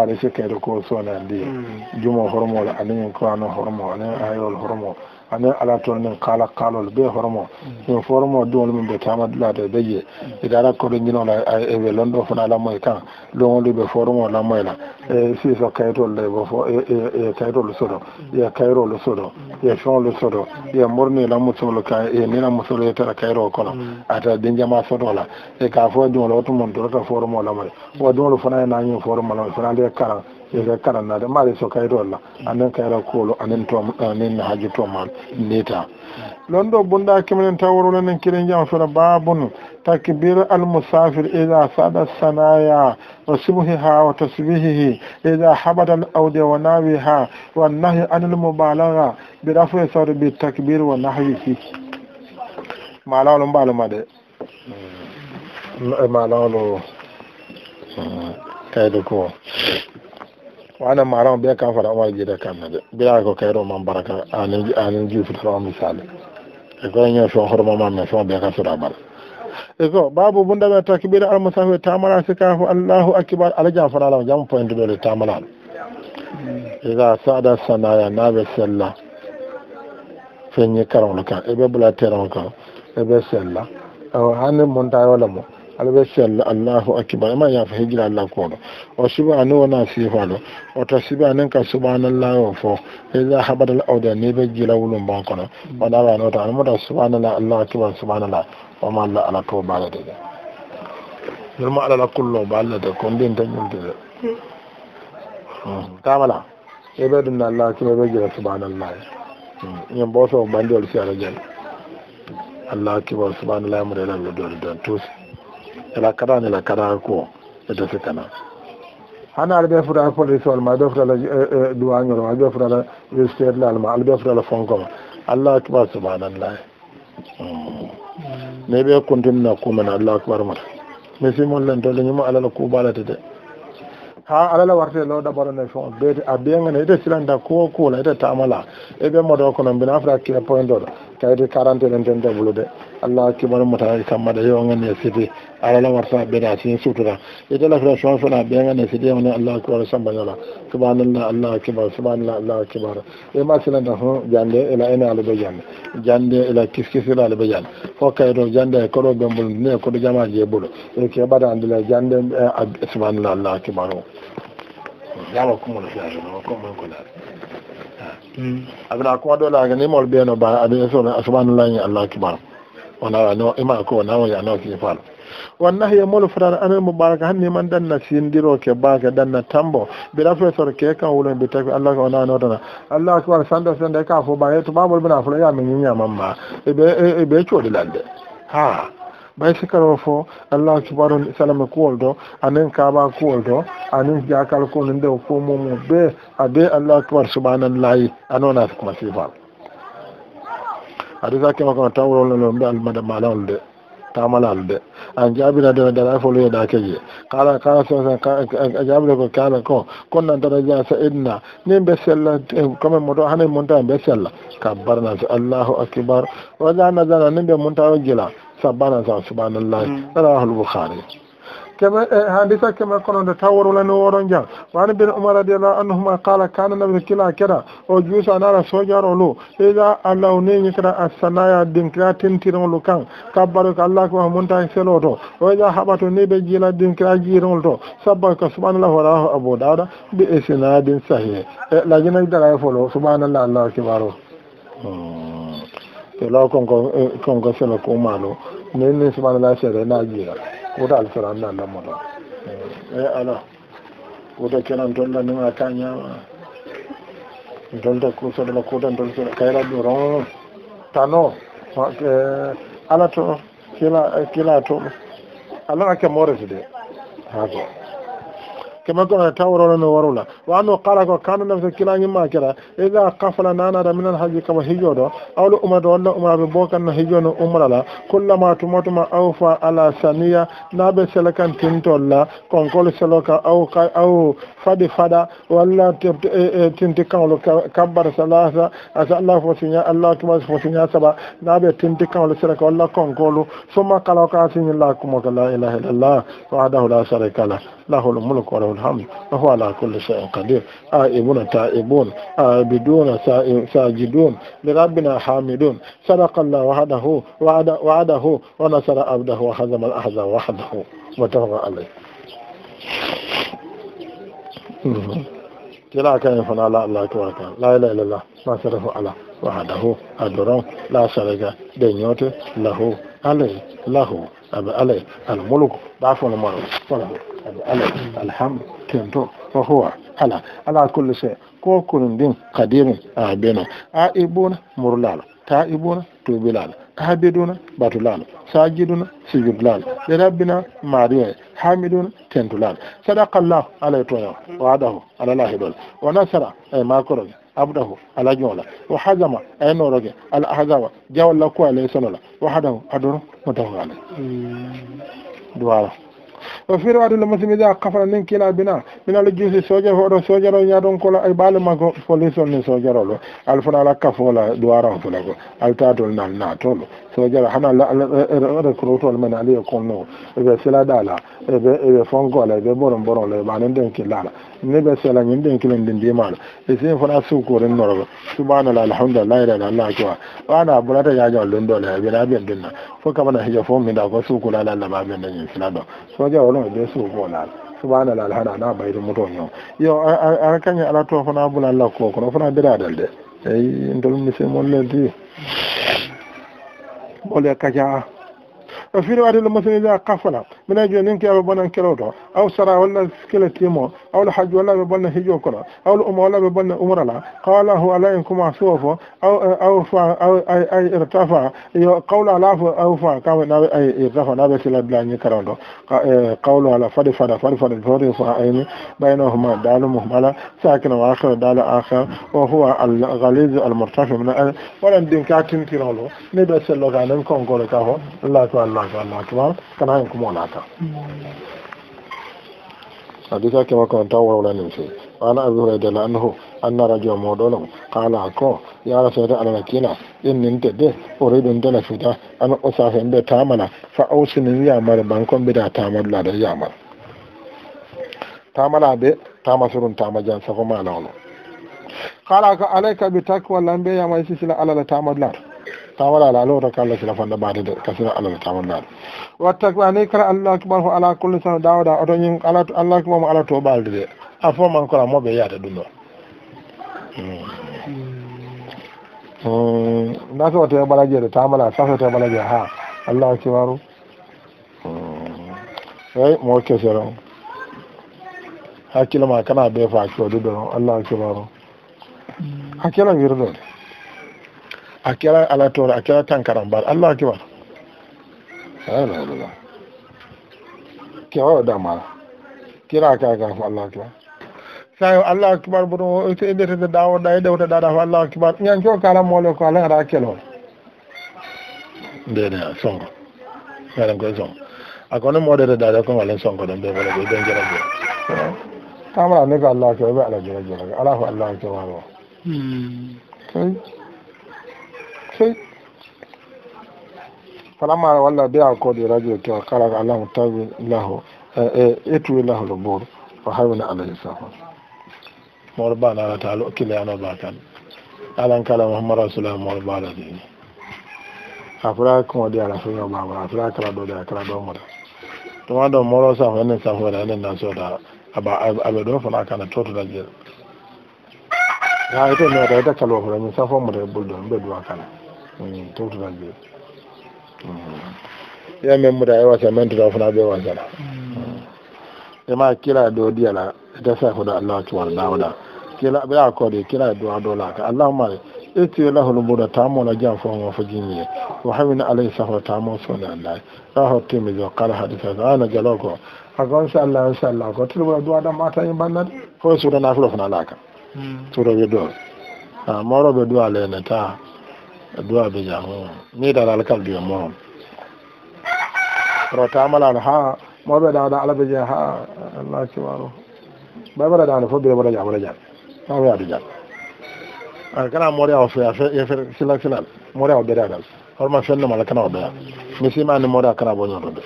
se si kayre ko sone di. Mm. jumo hormol aniñin kowano hormo anin eh, ayol hormo ani ala ton nin kala kalol be hormo min mm. formo dol min be tama dula de beje mm. idara ko do ngino la e be londo fana la moy kan lo ngol be formo la moy la mm. e si so kaytol le bo fo e e, e kaytol sodo ya kayro lo sodo ya shon lo sodo ya morni la musolo ka e ni la musolo tara kayro kono ata de jama la e ka fo dol o to mon do ta formo la moy wa dol fana e na nyi formo la fana de kala ga na da mari so kayro Allah mm. anan ra kolo anan to anan haji to ma neta ta. do bunda ta woro nan kiran jama fara babun takbir al musafir idha e sada sanaya wa subhiha wa tasbihihi idha e habada al awdi wa nawiha wa nahi an al mubalagha bi rafi sawd bi takbir wa fi malawlo mbaluma de kai da ko wana maran be kan fara umar gida kan na de biya ko kairo man baraka anin anin ji fitro misali e ko nyo so horma ma me so be ka sura bar e ko babu bunda be takbir al musafir tamara sikafu allahu akbar al jafara la jam point do le tamara idza sada sanaya n'a nabe sella fenye karon kan e be bula teron kan e be sella aw hanin mun tayo la mo ala allahu akibar ya yaafo hijira allah kodo o ba ni wani asiri falo o ta wona ba ninka su ba nan lawon fo za ida haɓatal awde ni ɓe jila wulum bon kono waɗawani su ba nan allahu akibar su ba nan la ba ma allah ala ba da de norma alala kullo ballade ko ndin tañumtide tamala ya bai dunna allah akibar bai gila su ɓe jila subhanallahi ñin ɓoto bandiol si ala jani allah akibar su ba nan subhanallah mo ɗeɗan ɓe doni don tuusi ela kara ne la ko e do se kana ana albe fura police wal ma do fura la duwa nyoro albe fura la state la ma albe fura la eh, fonko allah akbar subhanallah hmm. ne be na kuma na allah akbar ma mi simol len to leñimo alala ta de ha alala warte lo ɗaɓarone fon be a biyagane ite silanta ko la ta kuula ite tamala eɓe moɗo kono mbina fota kila point 40 kayde quarante len ten de. allah kibarin mu tare kamma da yawan ne sidi ala lamar sa be da sin sutura ita la fura shon fana be ganin sidi wani allah kibar san banyala subhanallah allah kibar subhanallah allah kibar e eh, ma sina da ho jande ila ina ala be jande jande ila kiskisi ila ala be jande fo kayro jande ko do gombul ne ko do jama je bulu e ke bada andila jande eh, subhanallah allah kibar yawa kuma da fiye hmm. da kuma kula abin akwai dole a ganin mawar biyan ba a da ya sauran asubanin lanyi allah kibar ona no ima ko na mo ya no ki fal wannan ya mulu furan an mubaraka hanni man danna sindiro ke dan na tambo bi professor ke kan wulo bi tafi Allah wani na no dana Allah ko sanda sanda ya kafo ba to babul bina fulan ya min nya mamma ibe e, e, e be chodi lande ha bay sikaro fo allah kibaron salama kuwol do anen kaba kuwol do anen jakal ko nde ko momo be abe allah a nuna su kuma sifar hadisa kema kono tan worolnolo mbe almada malawol de tamalal de an jaabira dene dara fo loyeɗa keje kala kala ka jaabira ko kala ko nan tata ja sa inna min be sella comme eh, modo hanen monta be sella kabbarna so allahu acbar o jana jana nin ɓe muntaɗo gila sabana sa subhanallahi mm. rawahu bukhari كما هندسة كما كنا نتاور ولا نورن جان وعن ابن عمر رضي الله عنهما قال كان النبي كلا كلا وجوس أنا سوجار ولو إذا الله نين كلا السنايا دينكرا تنتيرن ولو كان كبرك الله كما منتا سلوتو وإذا حبت نبي جيلا دينكرا جيرن ولو سبحانك سبحان الله وراه أبو داود بإسناد صحيح لكن إذا فلو سبحان الله الله كبارو Te lo con con con con se lo comano. Nel nesmana la sera na gira. kuda alkira na lamura eh ala kuda kiran dolla ni ma kanya ma dolda kusa da kuda dolda kaira duron tano ala to kila eh, kila to ala ka more su de hazo كما كنا تاورون ورولا وانه قال كان نفس كلا ما كلا اذا قفل نانا من الحج كما هيجودو او الامر ولا امر بوكن هيجون امر لا كلما تمتم اوفى على ثانيه نابه سلكن تنتولا كونكول سلوكا او او فدي فدا ولا تنتي كانلو كبر ثلاثه اس الله فسنيا الله كما فسنيا سبا نابه تنتي كانلو سلكا ولا كونكول ثم قالوا كاسين الله كما لا اله الا الله وحده لا شريك له له الملك وله الحمد وهو على كل شيء قدير آئبون تائبون آبدون ساجدون لربنا حامدون صدق الله وعده وعده, وعده ونصر عبده وهزم الأحزاب وحده متفق عليه kira كان fa لا لا كان لا la ilaha illallah ما sarafu على وحده أدرون لا sharika da له عليه له aɓe alay almulku ɗafone mono wala aɓe alay alhamdu kento ala ala kulle sey ko kono din kadimu a beno a ibuna murlala ta ibuna tubilala abiduna batulala sajiduna sujudlala li rabbina mariya hamiduna tentulala sadaka llahu alay toño waɗahu alalahi ɗol wa nasara ay abdahu ala jola wa hazama ay noroge ala hazama jawalla ko ala solola wa hadahu adoro mutahu ala duwala o fiiri waɗu le musimi da kafana nin kila bina mina lo juusi sojaro oɗo sojaro ñadon kola ay ɓaali makko police on ni sojarolo ala fona ala kafola duwaran fula ko altatol nal natolo sojaro hana recrutol men aliye konno ɓe sila ɗala ebe fonko la ebe ɓoron ɓoron la den ke killala ne ɓe sela ñin ɗen kilen ɗin ndimala e sin fona sukkorin norogo subhanallah alhamdulillah ilaha allah kiwa wana bulata yajawal ɗum ɗo la na ɓena den na fo kamana hija fo da ko su la allah ma ɓen ɗañin sila ɗo soja wolon ɓe su subhana la alhana na bai da mutum yau yau an kan yi alatuwa fana bula la ko kuma fana dira da da ai indolmi sai mun lati bole kaja fi waati lu mësini da xafna mu ne jo ninki abo banan kelo to aw sara wala temo. او الحج ولا بلنا هي جوكرا او الام ولا بلنا عمر لا قال هو لا انكم سوف او او فا او اي اي ارتفع قول على او فا كما اي ارتفع لا بس لا بلاني كراندو إيه، قول على فد فد فد فد فد فاين بينهما دال مهمله ساكن واخر دال اخر وهو الغليظ المرتفع من ولم دينكاتين كرالو نبس لو كان كونغولكا هو الله اكبر الله اكبر الله اكبر كما انكم ولاكم حديثا كما كنت أول ولا نمشي قال أبي هريرة لأنه أن رجل مودولم قال أكو يا رسول الله لكينا إن أنت ده أريد أن تنفذ أن أسافر بتامنا فأوصني يا مر بانكم بدا تامر لا يا مر tamala be tama surun tama jan safo ma lawlo kala ka alayka bi takwa lambe ya mai sisila ala tawala ala lo rakalla sila fanda baade de kasira ala tawalla watta ne kala allah akbar ala kulli sana dawda oto nyin ala allah akbar mo ala to a fo man ko mo be yaade dum do na wata te balaje de tamala sa so te ha allah akbar ay hmm. eh, mo kesero hakkilo ma kana be fa ko do allah akbar hakkilo a kira alatora a kira tankaran ba allah ba akibar ayyana wa da ma kira ka ga allah akibar sai allah akibar buru ita inda ta dawo da yadda wata dada allah akibar nyan kyau kala mole ko ala ra kelo de ne songo yaran ko songo akono mode da da ko wala ko don be wala go don jara be kamara ne ga allah akibar ba ala jara jara ala allah wa ro hmm sosai falamma walla be a koɗi radio kewa kala alamu tawi lahu e ƴettuwi lahol booro o na alayhi safa moɗo ba nala ta kiliyano ba kan alan kala mouhammad rasulah moɗo baɗa dini afra kumo ɗi ala feño babara afra kala ɗo ɗe a kala ɗo moɗa tuma ɗo moɗo safo enen safoɗa enen nan soda aɓe ɗo fana kana totoɗa jeeɗa ha ito mewata ita kalwa fota min safo moɗa e ɓulɗo ɓe duwa kala towtutal ɓe mm. ya min muta e wasa min tuta fana ɓe wasana mm. ema kila do diyala ita safuɗo allah cuwar dawɗa kila ɓe akkode kila duwa do laka allahuma itti lahol mbuɗa tamola jam fo ngo fo jinñe o hamina alayhi safa tamo sone allahi raho timis o kala hadisa ana jalo ko agon so allah so allah ko tilɓura duwa ɗam matañi bannade fo suuta nafilo fana laka mm. suuta wi ɗo moroɓe duwa ah, lene ta duwa be jamu ni da alkal biya mo rota mala ha mo be da da alabe je ha Allah ki waro ba bara da fo be bara ja bara ja ta ya du ja al kana mo ya fo ya fe ya fe sila sila mo ya be da da horma fenno mala kana be mi si ma ni mo da kana bo nyodo de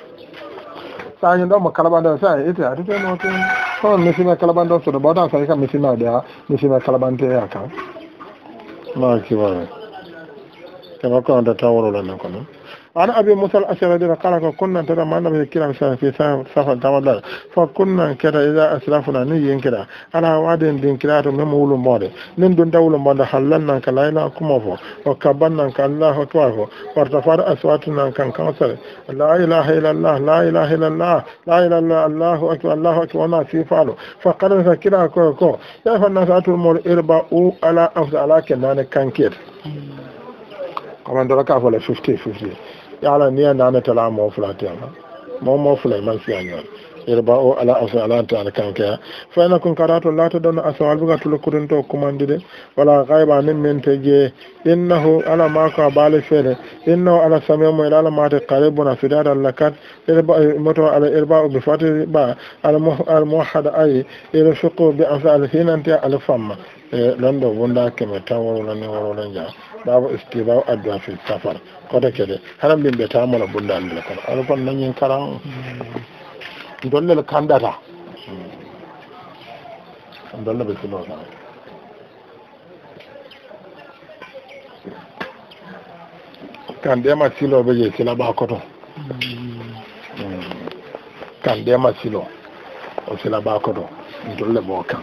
sanyi don mu kalaban don sai ita ati te no tun kawai misi mai kalaban don su da bautan sai kan misi mai da misi mai kalaban ta ya kan ma kiwa ne كما كنا نتاول لنا كنا أنا أبي موسى الأشعري قال كنا ترى ما نبي كلام في سفر تمام فكنا كذا إذا أسلافنا نيجي كذا أنا وادين دين كذا من مول ماري من دون دولة ماري حلنا كلاينا كمافو وكبرنا كالله توافو وارتفع أصواتنا كان كنسر لا إله إلا الله لا إله إلا الله لا إله إلا الله أكبر الله أكبر وما في فعله فقرنا كذا كو كو يا فنان ساتو مول إربا أو على أفضل على كنان كان كير kaman dara k'a fɔ la fifty fifty yala n'i y'a naani ta la mɔgɔ fila tɛ yan mɔgɔ mɔgɔ fila i ma se yan ɲɔgɔn yerba o ala aso ala ta ala kan kaya fa na kun karato la ta dona aso albuga tulo kurin to kumandi de wala gaiba min men te je innahu ala ma ka bale fere innahu ala samia mo ala ma ta qaribuna fidada lakat yerba eh, moto ala o bi fati ba ala mo al muhad ay ila shuqu bi afal hinan ta al famma eh, lando bunda kema tan woro lan woro lan ja babu iske babu fi safar kota kede haram bin beta tamala bunda andila kono ala nan yin karan dollel kandata dolle ɓe kilo sa kan silo siloɓe je sila ba koto hmm. kan ma silo o sila ba koto dolle ɓo kan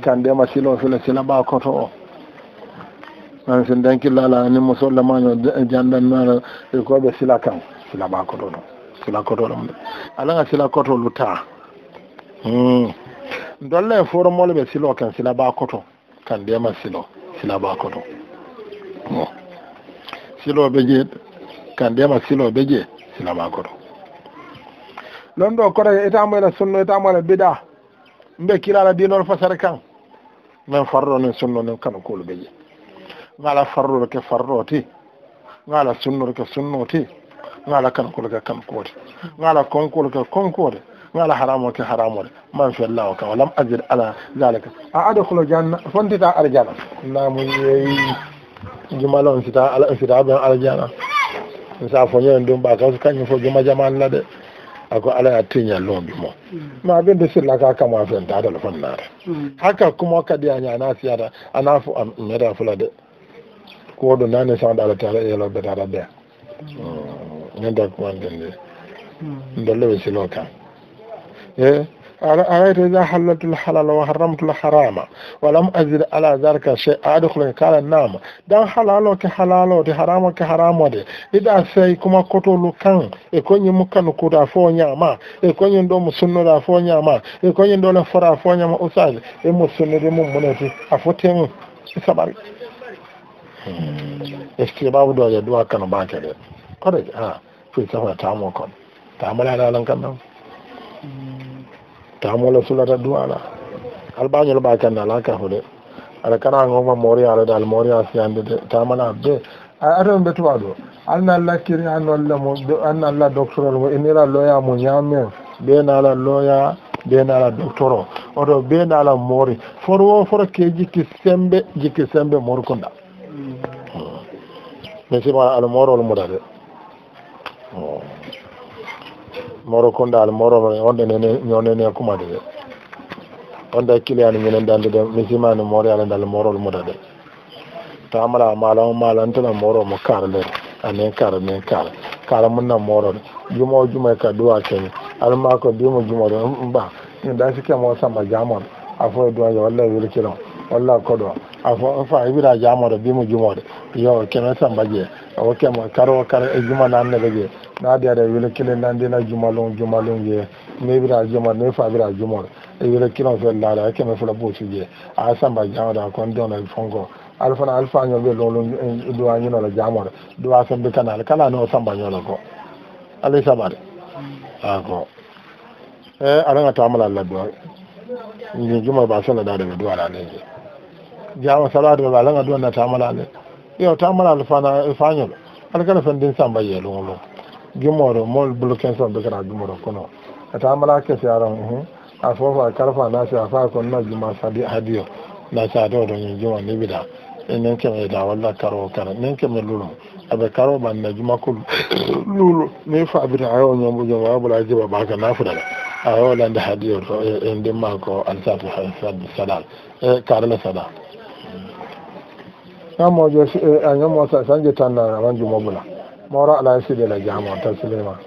kandema silon fila sila ɓa koto o an sen dankillala ni musollamaño janɗannara koɓe sila kan sila ɓa koto ɗo sila koto ɗom de alaga sila kotolu ta dolle foromol ɓe silo kan sila ɓa koto kan ndema silo sila ɓa koto siloɓe je kan ndema siloɓe je sila ɓa koto lon ɗo koto itamoɗa sunno itamoɗa bida mbe kilala dinol fasara kan min farro nin sunno nin kano kolu ɓe je ngala farrore ke farroti ngala sunnore ke sunnoti ngala kankole ke kankode ngala konkole ke konkode ngala haramo ke haramode man fellahu kan walam ajid ala zalika a adkhulu janna fontita arjana namu yeyi jumala on sita ala on sita ɓen arjana sa foñoen ɗum ɓa kaso kañum fo juma jamanna de ako ala ya tinya bi mo ma abin da la ka ka kama fen ta da fan na haka kuma ka dia nya na siya da anafu me da fula de ko do n'a nane sa e da ta ya lobi ta da be ne da mm. kuma den de da lobi siloka eh أرأيت إذا حلت الحلال وحرمت الحرام ولم أزد على ذلك شيء أدخل قال النام دان حلالو كحلالو دي حرامو كحرامو دي إذا سي كما كتولو كان إكوني مكان كودا فو نعما إكوني دوم سنو دا فو نعما إكوني دولا فرا فو نعما أساج إمو سنو دي ممونتي أفوتين سباري استيباب دو يدوا كانوا باكي دي قرد ها في سفر تعمو كون تعمل على لنكنا Mm-hmm. tamola sulata duwala albañol ɓa kanna ala kafude aɗa karagoma moriya alade al moriya siyandede tamala be aɗon ɓe tuwa ɗo anna allah kiri annolla mo an allah doctorol mo inira loya mo ñamen ɓenala loya ɓenala doctor o oto ɓenala moori foro wo foro ke jiki sembe jiki sembe hmm. se morkunda mi hmm. sima almorol mudade moro kondaal moroɓe wonɗe nene ñownene kumade de wonde kiliyani minen dalde de misimani moro yaala dal morol muda de tamala mala o mala antana moro mo kara nder anen kara nen kara kala munna morode juma o juma ka duwa keñi alma ko bimo jumoɗo mba da sikkemo samba jamoɗo a fo duwaje walla kilo walla koɗo a fo fa wira jamoɗo bimo jumoɗo yo keme samba jee o kemo karo kara nan ne be je. na da da wele kelen nan de na jumalon jumalon ye ne bira juma ne fa bira juma e wele kiran fe la la ke me fula bo ci je a samba jama da kon don na fongo alfana alfa nyo be lolo do eh, anyo na jama do a sambe kanal kala no samba nyo ko ale sabare a ko e n'a ta mala la do ni juma ba sala da da do ala ne jama sala da ba langa do na ta mala ne yo ta mala alfana alfa nyo alkana fen din samba ye lolo gimoɗo mol bloquin so ɓe kata gimoɗo a ta mala kesi aran a fofa karfa nasi a fa kon na juma sadi hadiyo nasi ade oɗo ñin juma e ne ni ɓiɗa enen keme da walla karo kara nen keme lulo aɓe karo ɓanna juma ko lulo ni fabita ayo bula jom ba jiba na nafudala a yolande hadiyo to en ndimma ko alsatu sadal e karala sadal amojo a ñamo a tanna juma bula. moro ala sidi la jamo ta silima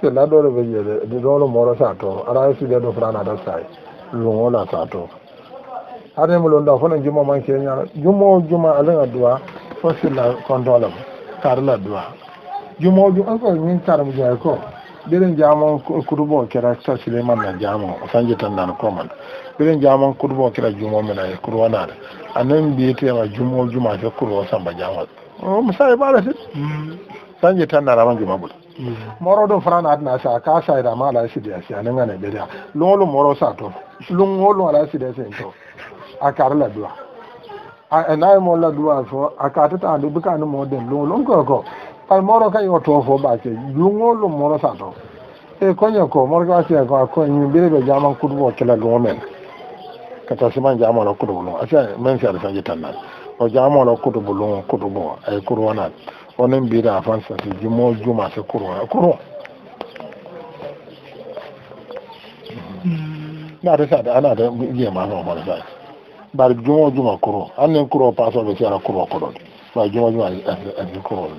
se la do be je de do lo moro sa to ala sidi do frana da sai e. lu ngola sa to hade mo londa fona juma man ke nyaara jumo juma ala nga duwa fo sila kondolam kar la duwa jumo ju an ko min tar mu jay e ko birin jamon kurbo kira ta suleiman na jamon sanji tandan koman birin jamon kurbo kira jumo mina ya kurwa na anan biye ta yawa jumo juma ta kurwa samba ba jamon misali ba da sanje tan na ramangi mabul mm. moro don Fran adna sa ka sa ida mala shi da shi anan ngane beda lolo moro sa to lungolo ala shi da sen to akarla dua anayi e e mo la dua fo akata ta ndu buka no modem lungolo ko ko pal moro ka yo fo ba ke lungolo moro sa to e konyo ko moro ka sia ko ko ni bire be jaman kudu o kala gomen kata siman jaman lo kudu lo asa men sa sanje tan na o jaman lo kudu lo kudu bo ay e kurwana onin bida afan sati jimo juma se kuro ya kurwa hmm. na da sa da ana da iya ma eh, eh, eh, na mara e, sai bar jimo kurwa an ne kurwa faso da sara kurwa kurwa ba jimo juma an kuro kurwa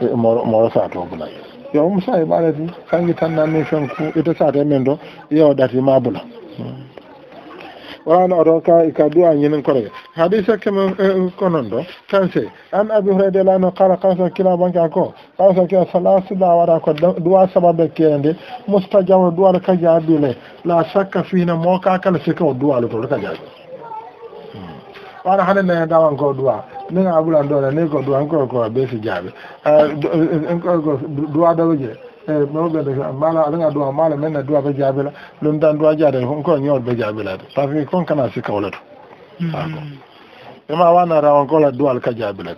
da moro sa to bula yo musa ibare e ji kan gitan na ne ku ita sa ta yi mendo yau da ta yi mabula wala oɗon ka ka duwa ñinen korege hadisa keme eh, konon ɗo kanse an abi hurayde lana kala kawsan kila banke a hmm. ko kawsan kila salasida waɗa ko duwa sababe kerende mustajabu duwal ka jaabile la sakka fina mokakala sika o duwalu tol ka jaabi wara hade nene tawan ko duwa nin a ɓuran ɗo ne ni ko duwa n koko ko ɓeesi e mawɓe de mala aɗaga duwa mala men ne duwa ɓe jaabila lum dan duwa jaade kon ko ñool ɓe jaabilade par ce que kon kana si kawlato ako ima wana rawan kola duwal ka jaabilade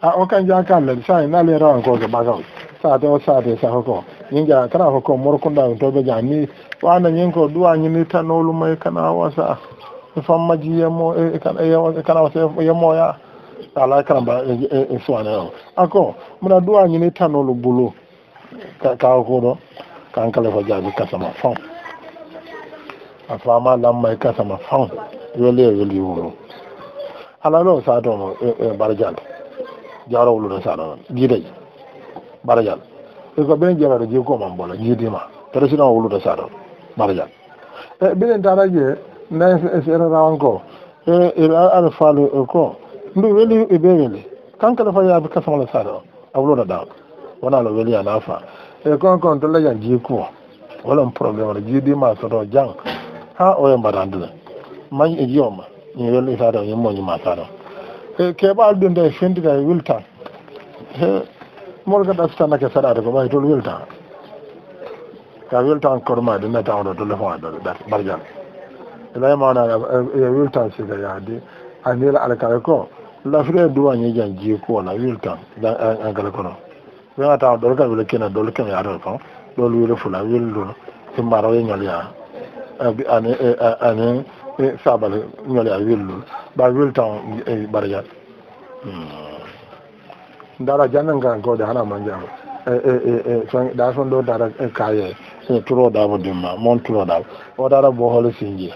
a o kan ja kallede sa nali rawan koke ɓagaw saate o saate sa ko ñinga kana ko ko morkunda on toɓe jam ni wana ñin ko duwa ñini tanolu may kana wasa yamo yemo kana wasa yamo yemoya ala karamba e suwane o ako muna duwa ñini tanolu bulu kawo koɗo kan kala fo jaabi kasama fan a fama lammay kasama fan weli e weli wuro ala ɗo satomo baradial jaro wuluɗo saɗoon jiidaji baradial e ko ɓen jeeraɗo jii koman bola jiidima président o wuluɗo saɗoon baradial e ɓiɗen tara je nayi e, e, sererawan ko e, e ala faali ko ndu weli e ɓe weli kankala fo kasama kasamala saɗo o a wuluɗo da. wona lo a ala fa e kon kon to la jan ji ko wala problème la ji di ma so do jang ha o yamba tan dula man e yoma ni weli sa do yimo ni ma sa do e ke baal dun de fendi da wilta e mol ga dasta na ke sada ko bay to wilta ka wilta ko ma de na ta do telefon do da barjan ma mana e wilta si da ya di anila alkare ko lafire duwa ni jan ji ko na wilta dan an kala kono ɓega tawa dol ka wele kene dol kene yaata fan ɗol wele fula wele ɗo simbara ye ñolya ani ani sabale ñolya wele ɗo ɓa wele tan barjat dara jannen kan kode hana man jam da son ɗo dara kaye turo dabo dimma mon turo dabo o dara bo holo sinji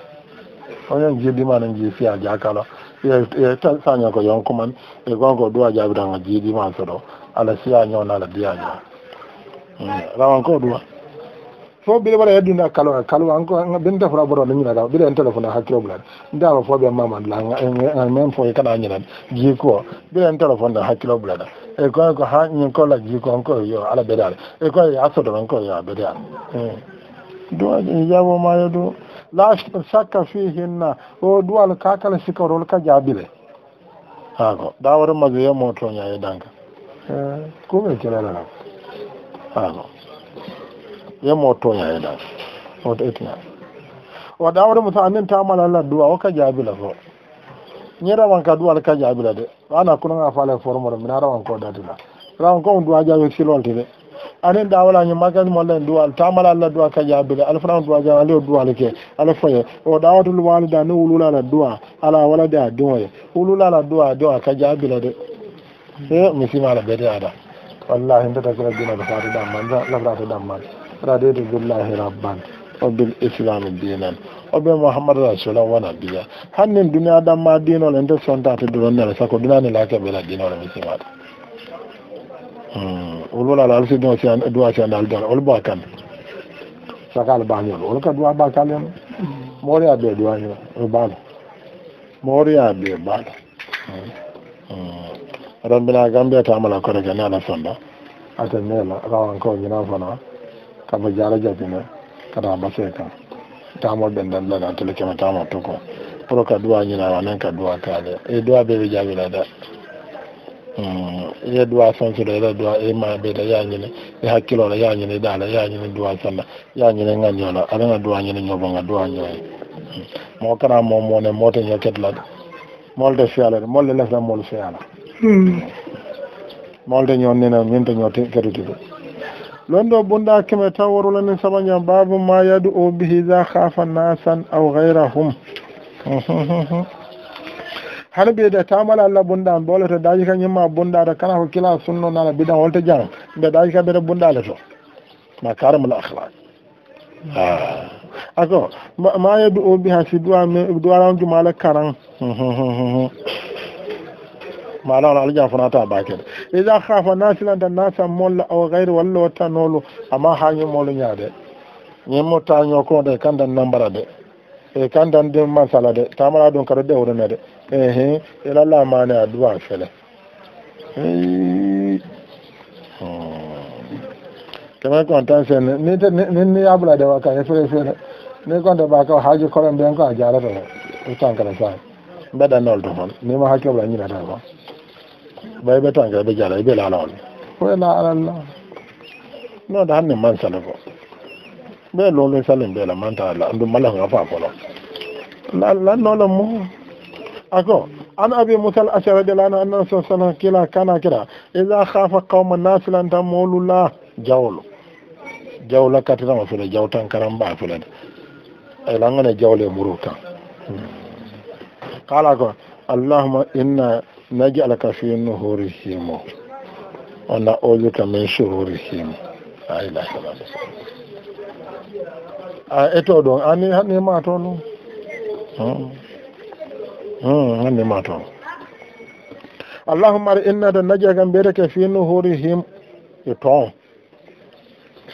oñon jiiɗima no jii fiya jakala e saña ko yonkuman e gonko duwa jaabitanga jiiɗima soɗo ala siya ñawna ala diya ñaw hmm. rawanko ɗuma fo bile waɗa yeddunde kalwa kana e ko ha ko ala e ko a hmm. la sakka fihinna o ka danka Eh, kuɓe kilalala ano yemo toña eɗan oto etiña o dawre musa anin tamalalla duwa o ka la fo ni rawan ka duwa ka la de ana kunanga fale formula mina rawan ko da datila rawan ko duwa jaabe silolti de anin dawala magan mallan duwa duwal tamalalla duwa ka jabi la alfana duwa jaa alio duwa ke ala foye o dawatul da ni wululala duwa ala walade duwa diŋoye wululala duwa diwa ka la de se misima la bede ada wallahi ndata kira dina da fatu damman labrata damman a billahi rabban o bil islami dinan o ɓe mouhammado rasulan wona biya hannin duniya da. dinole hmm, nde sontate duron nere sako dunani lakeɓela dinole misimata olwolala alsi duwa siande aldon ol kan sakal bañol ol ba duwa bakalen mooriya ɓe duwaño baala mooriya ɓe ba. rambina gambia ta mala ko daga nana sonda ata nela rawan ko gina fana ka ba jara jabina kada ba sai ka ta mo ben dan da to leke mata ma to ko pro ka duwa nyina wa nan ka duwa ka le e duwa be be jabi la da mm e duwa san su da duwa e ma be da ya nyina e hakilo la ya nyina da la ya nyina duwa sanna ya nyina nganyo la ala na duwa nyina nyobo nga duwa nyina mo kana mo mo ne mo te nyaket la mo le fiala mo le la mo le fiala Hmm. molde ñon nena min to ñoo kerutude lon ɗo bunɗa keme taw worulanin sabañam babu ma yadu o bihi za hafa nasan aw gayrahum hano da tamala allah bunɗan bole to daji ka bunda bunɗade kana ko kila sunno nana biɗan holto jang mbe daji ka mbeɗe bunɗale to ma karamul ahlak ako ma yadu o biha si duwa duwaran jumala karan malawol alijan fana ta bakede khafa nasilan nasilanta nasa molla aw ghairu walla wattanolu amma nyade ni mota nyo ko de kandan nambara de e kandan de masala de tamara don ɗum de ɗewrene de eh eh ila la mana adwa fele hmm. kama ko antan sen ni ni ni yabula de waka e fere fere ni konta ɓaka haaji koren ben ko a jarata tan sai bada nol to hon nima hakkebla ñinata kon bai bai tanka be jala bai la lawol bai la ala no da hannun man sala ko be lo le salen la man ta la ndu mala nga fa ko la la no ako an abi musa al da lana annan anna sana kila kana kira idza khafa qauman nas lan tamulu la jawlu jawla katira ma fele jawtan karam ba fele ay la ngane jawle muru kan hmm. kala ko allahumma inna najala ka fi nuhurihim wa na'udhuka min shururihim la ilaha illa a eto ɗon ani hanni ma to ɗum hanni ma to allahumma ar inna ɗo naƴa kam mbiyeteke fi nuhurihim e ton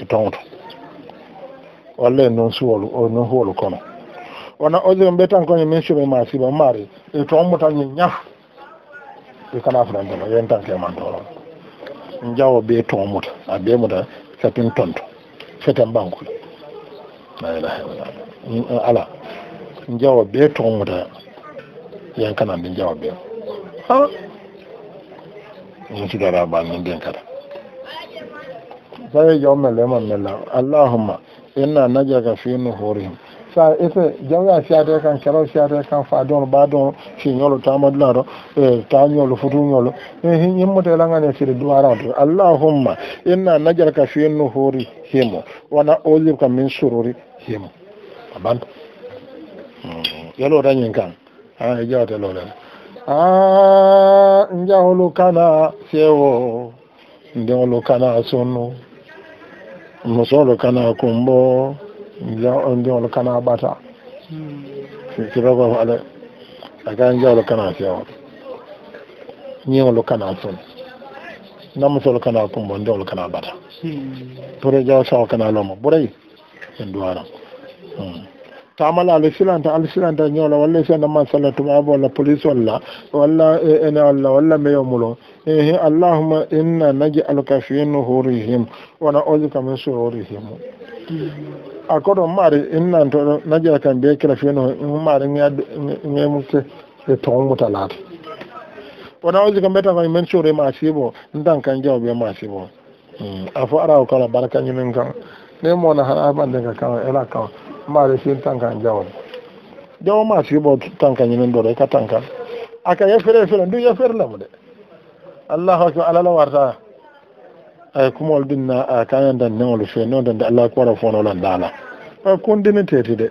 e tonto walla e noon suwolu noon huwolu kono wona odi ko mbiyetan koñe min suɓe ma siba maari e ton mo tan ñaf i kana fulantema yen tan kemantoro jawo be to muta a be muta eh, sapin tonto feten banku la ilaha illallah ala jawo be to muta eh, yan kana din jawo be ha ni sidara ba min den kata sai jawo mele man mela allahumma inna najaka fi nuhurihim sa ese jawya siyade kan kelaw siyade kan fa dono ba dono si ñolo tamadulaɗo e ta ñolo futu e, la yimmude langane siri duwarado allahumma inna najarka fi nuhuri himo wana ozibka min sururi himo abanta mm, yalo dañin kan a jawate lolene a jaholu kana sewo ndewolu kana sunnu musolu kana kumbo ndiŋolu kana bata sibako ale a kan jawolu kana sewol ñiŋolu kana sun na musolu kana kumbo ndiŋolu kana bata hmm. pour jaw sawo kana lomo burayi en duwaram hmm. tamala ala silanta ala silanta ñola walla sena man salla tubabo walla police walla walla ene eh, eh, walla walla meyo mulo ehe allahuma inna naji aluka fi nuhurihim wona ojika min sururihim a koɗo maari innantoɗo najira kam mbiye kila fino maari gemute e eh, toon mutalaata wona oji kam mbiyata ko min suurima siibo ndan kan jawɓe ma siibo hmm, a fo araw kala baraka ñumin kam ni mona hana ɓande ka kawa ela kawa maare fin tankan jawol jawo ma sibo tanka ñinin dole ka tankan aka yefere fere ndu yefere lamu de allahu akbar alala warta kuma kumol na a kañan da nan fe na wadanda allah kwara fonolan dana a kundini teti da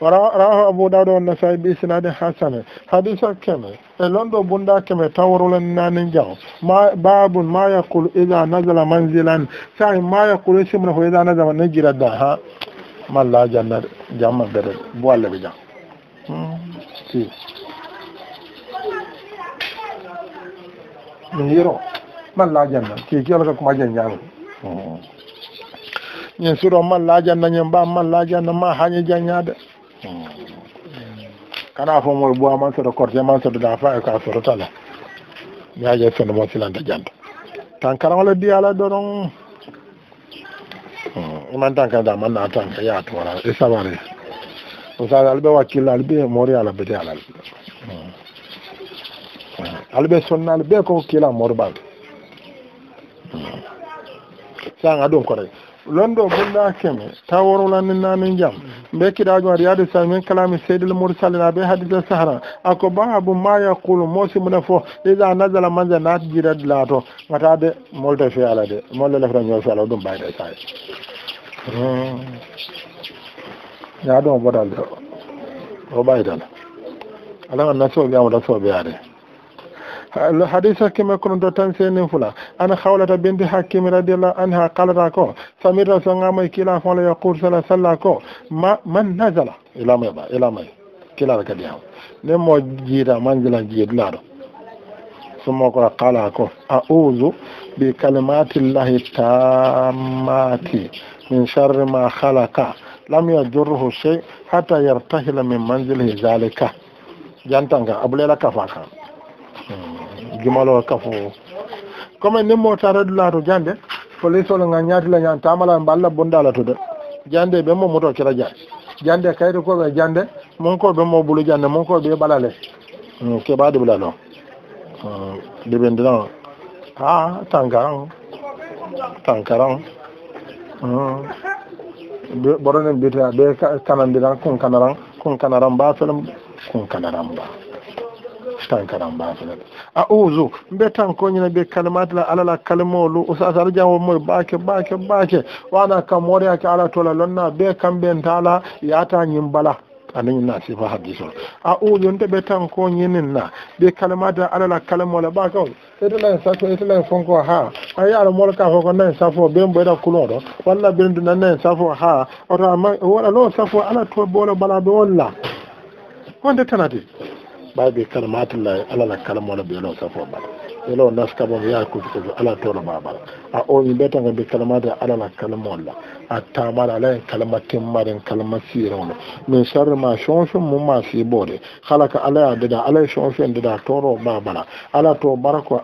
rahu abu da on nasai bi sinadin hassan hadisa keme a lonɗo bunda keme ta wurin nanin jawo babun ma yaqulu ida nasala manzilan sai ma yaqulu simna ko zama na jirar da ha malla janna jam dara bo alla jam hmm, si min yiro malla janna ke ke ko ma jan jam nyen suro malla janna nyen ba malla janna ma hanye janyade hmm. kana fo mo bo man sodo korte man sodo da fa ka sodo tala mi aje sono bo silanta janta tan wala di ala dorong iman mm. tan kan da man na tan ya tora e sabare o sa albe wakil albe mori mm. ala ala albe sonna albe ko kila kore londo bulla keme ta worolanin nanin jam be kidajo a riyadu salmin kalami sayyidul mursalin abe hadisa sahara ako babu ma yaqulu mosi muna fo iza nazala manza nat jirad lato mata de molta fi ala de molla la fran yo fi ala dum bayde sai ya do bodal do o baydal ala na so biya mo da so biya de الحديث كما كنت تنسين فلا أنا خولة بنت حكيم رضي الله عنها قالت أكو سمير سنغام كلا فلا يقول صلى الله عليه ما من نزل إلى ما يبا إلى ما كلا لك ديام نمو جيدا منزل جيد لارو ثم قال أكو أعوذ بكلمات الله التامات من شر ما خلق لم يجره شيء حتى yartahila من منزله ذلك jantanga abulela kafa kan Hmm. gimalo kafowo comme en nimmo taradula to jande folisolo ga ñaatila ñan tamalam mballa bondala to de jande ɓe mo moto kira jan jande kayre koɓe jande mon ko ɓe mo ɓulu jande mon ko ɓe ɓalale hmm, keɓa ɗiɓla no ɗiɓendina hmm, a tankaran tankaran ɓoronen mbiyta ɓe kanandiran kun kanaran kun kanaran mba felem kun kanaran mba stankaran bafele a uzu mbe tan koñina ɓe kalimat la ala la kalimolu usasar jawo moy bake bake bake wana kam ka ala tola lonna ɓe kamɓen tala ta nyim bala anin na fa hadisul a ulun da betan ko yinin na be kalma da alala kalma la ba kawo ita sa ko ita fon ko ha ayi ala mol ka ko nan safo ben boyda kulodo walla ben ndu nan fo ha o ta ma wala lo fo ala to bola bala be walla wanda tanati ɓaɓe kara matilla alala kalamola beelo safo bala beelo naskabon ya kutikoto ala ba ba a o ni omi ɓetanga ɓe kalamade alala kalamolla a tamala ala en kalama timmaren kalama sirewle min shar ma chonfen mu ma si bore halaka ala ya da ala e chonfen da toro ba ala to bara ko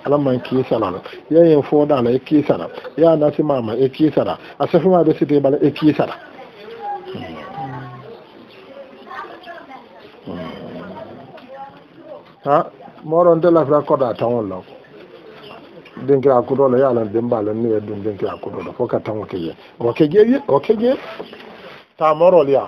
yayi fo da fodala ki kisara ya mama e kisara a safimade site bala e kisara ha moro nde lafira koɗa taŋol law dinkira kuɗoɗo yalan dimbalo ni weddu dinkira kuɗoɗo fof ka taŋo keje o keje o keje ta morol ya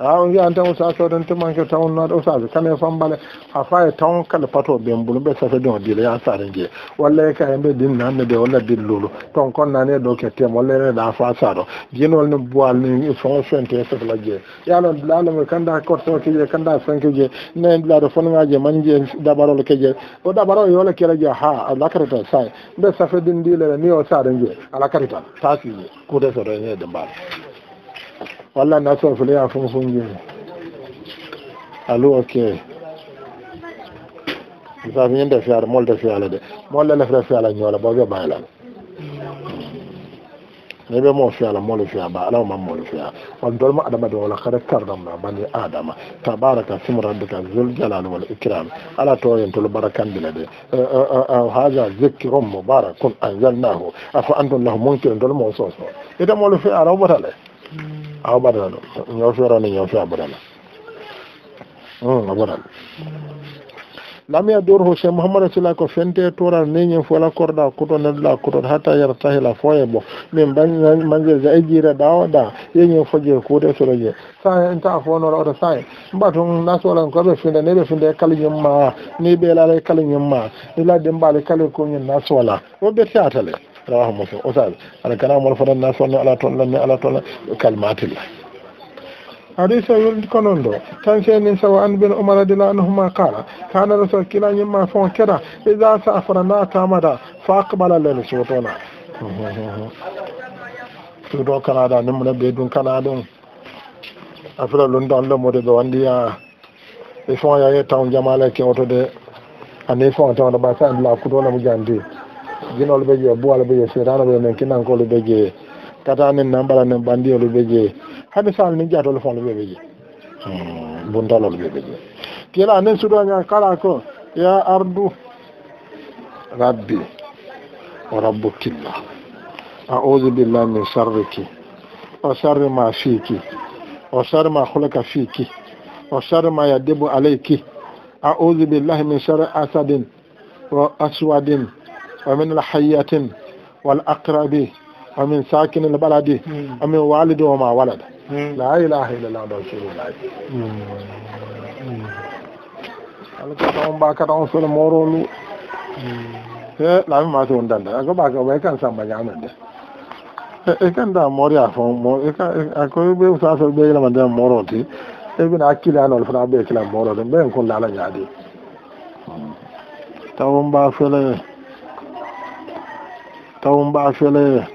a on wi an tan usa so don timan ke tawon na usa be kane fambale a faye tawon kala pato be mbulu be safe don dile ya sare je walla ka en be din nan de walla din lulu ton kon nane do ke tem walla ne da fa sa do jin wal ne boal ni fon fen te safe la je ya non la me kanda ko to ke je kanda fen ke je ne la do fon je man je dabaro ke je o dabaro yo le ke je ha a karita sai be safe din dile ni o ala karita ko de so ne de ولا الناس في ليه في مصنج الو اوكي زاف ين دفي على مول دفي على دي مول لا فرا في على نيولا بوبي بايلا نبي مو في على مول في على لو ما مول في على ودول ما ادم دول خر كردم بني ادم تبارك اسم ربك ذو الجلال والاكرام على تو ين تول بركان بلا دي هذا ذكر مبارك انزلناه افا انتم له ممكن دول مو سوسو اذا مول في على مو تعالى Mm-hmm. aw badala ɗo ñaw feerano ñaw mm, fe a badala a badala lamiya dorho se mouhamadou sila ko fente toral neñin fola korɗa kotonelɗa koton hatta yara tahila foye bon min mandirde e jiire ɗawo ɗa yeñin foje kuude soroje sa ta fonora oto saye mbatum nasolan koɓe finde ne ɓe finde kaliñum ma ni ɓeelala e kaliñum ma ni ladde mbaali kali koñum nasola o ɓe teatale trabajo mucho. O sea, al canal me lo fueron a la a la a la tona, calmate. Arisa yulit konondo tan sai Umar da lanu huma kala kana da sarki lanu ma fon kira idan sa afrana ta mada fa da nan mun bai dun kana dun afra lun dan da mode do andi ya e fon ya ya de ane fon ta da ba sa la ku do na mu jande jinol be je buwal be je sirana be men kinan ko be je kata nen nan bala nen bandi ol be je hade sal ni jatol fon be be je hmm, buntal ol be be je kila nen sudo nya kala ko ya ardu rabbi wa rabbukillah a'udhu billahi min sharriki wa sharri ma fiki wa sharri ma khulaka fiki wa sharri ma yadibu alayki a'udhu billahi min sharri asadin wa aswadin ومن الحية والأقرب ومن ساكن البلد ومن والد وما ولد لا إله إلا الله رسول الله alkata on bakata on sole morolu e lami mate on dande ako baka ɓay kan samba ñamede e kan da moriya fo ako ɓe sasol ɓe yilama nden moroti e ɓina hakkille anol fana ɓe kila morote ɓen kon lala ñaadi taw on mba fele taw mba fele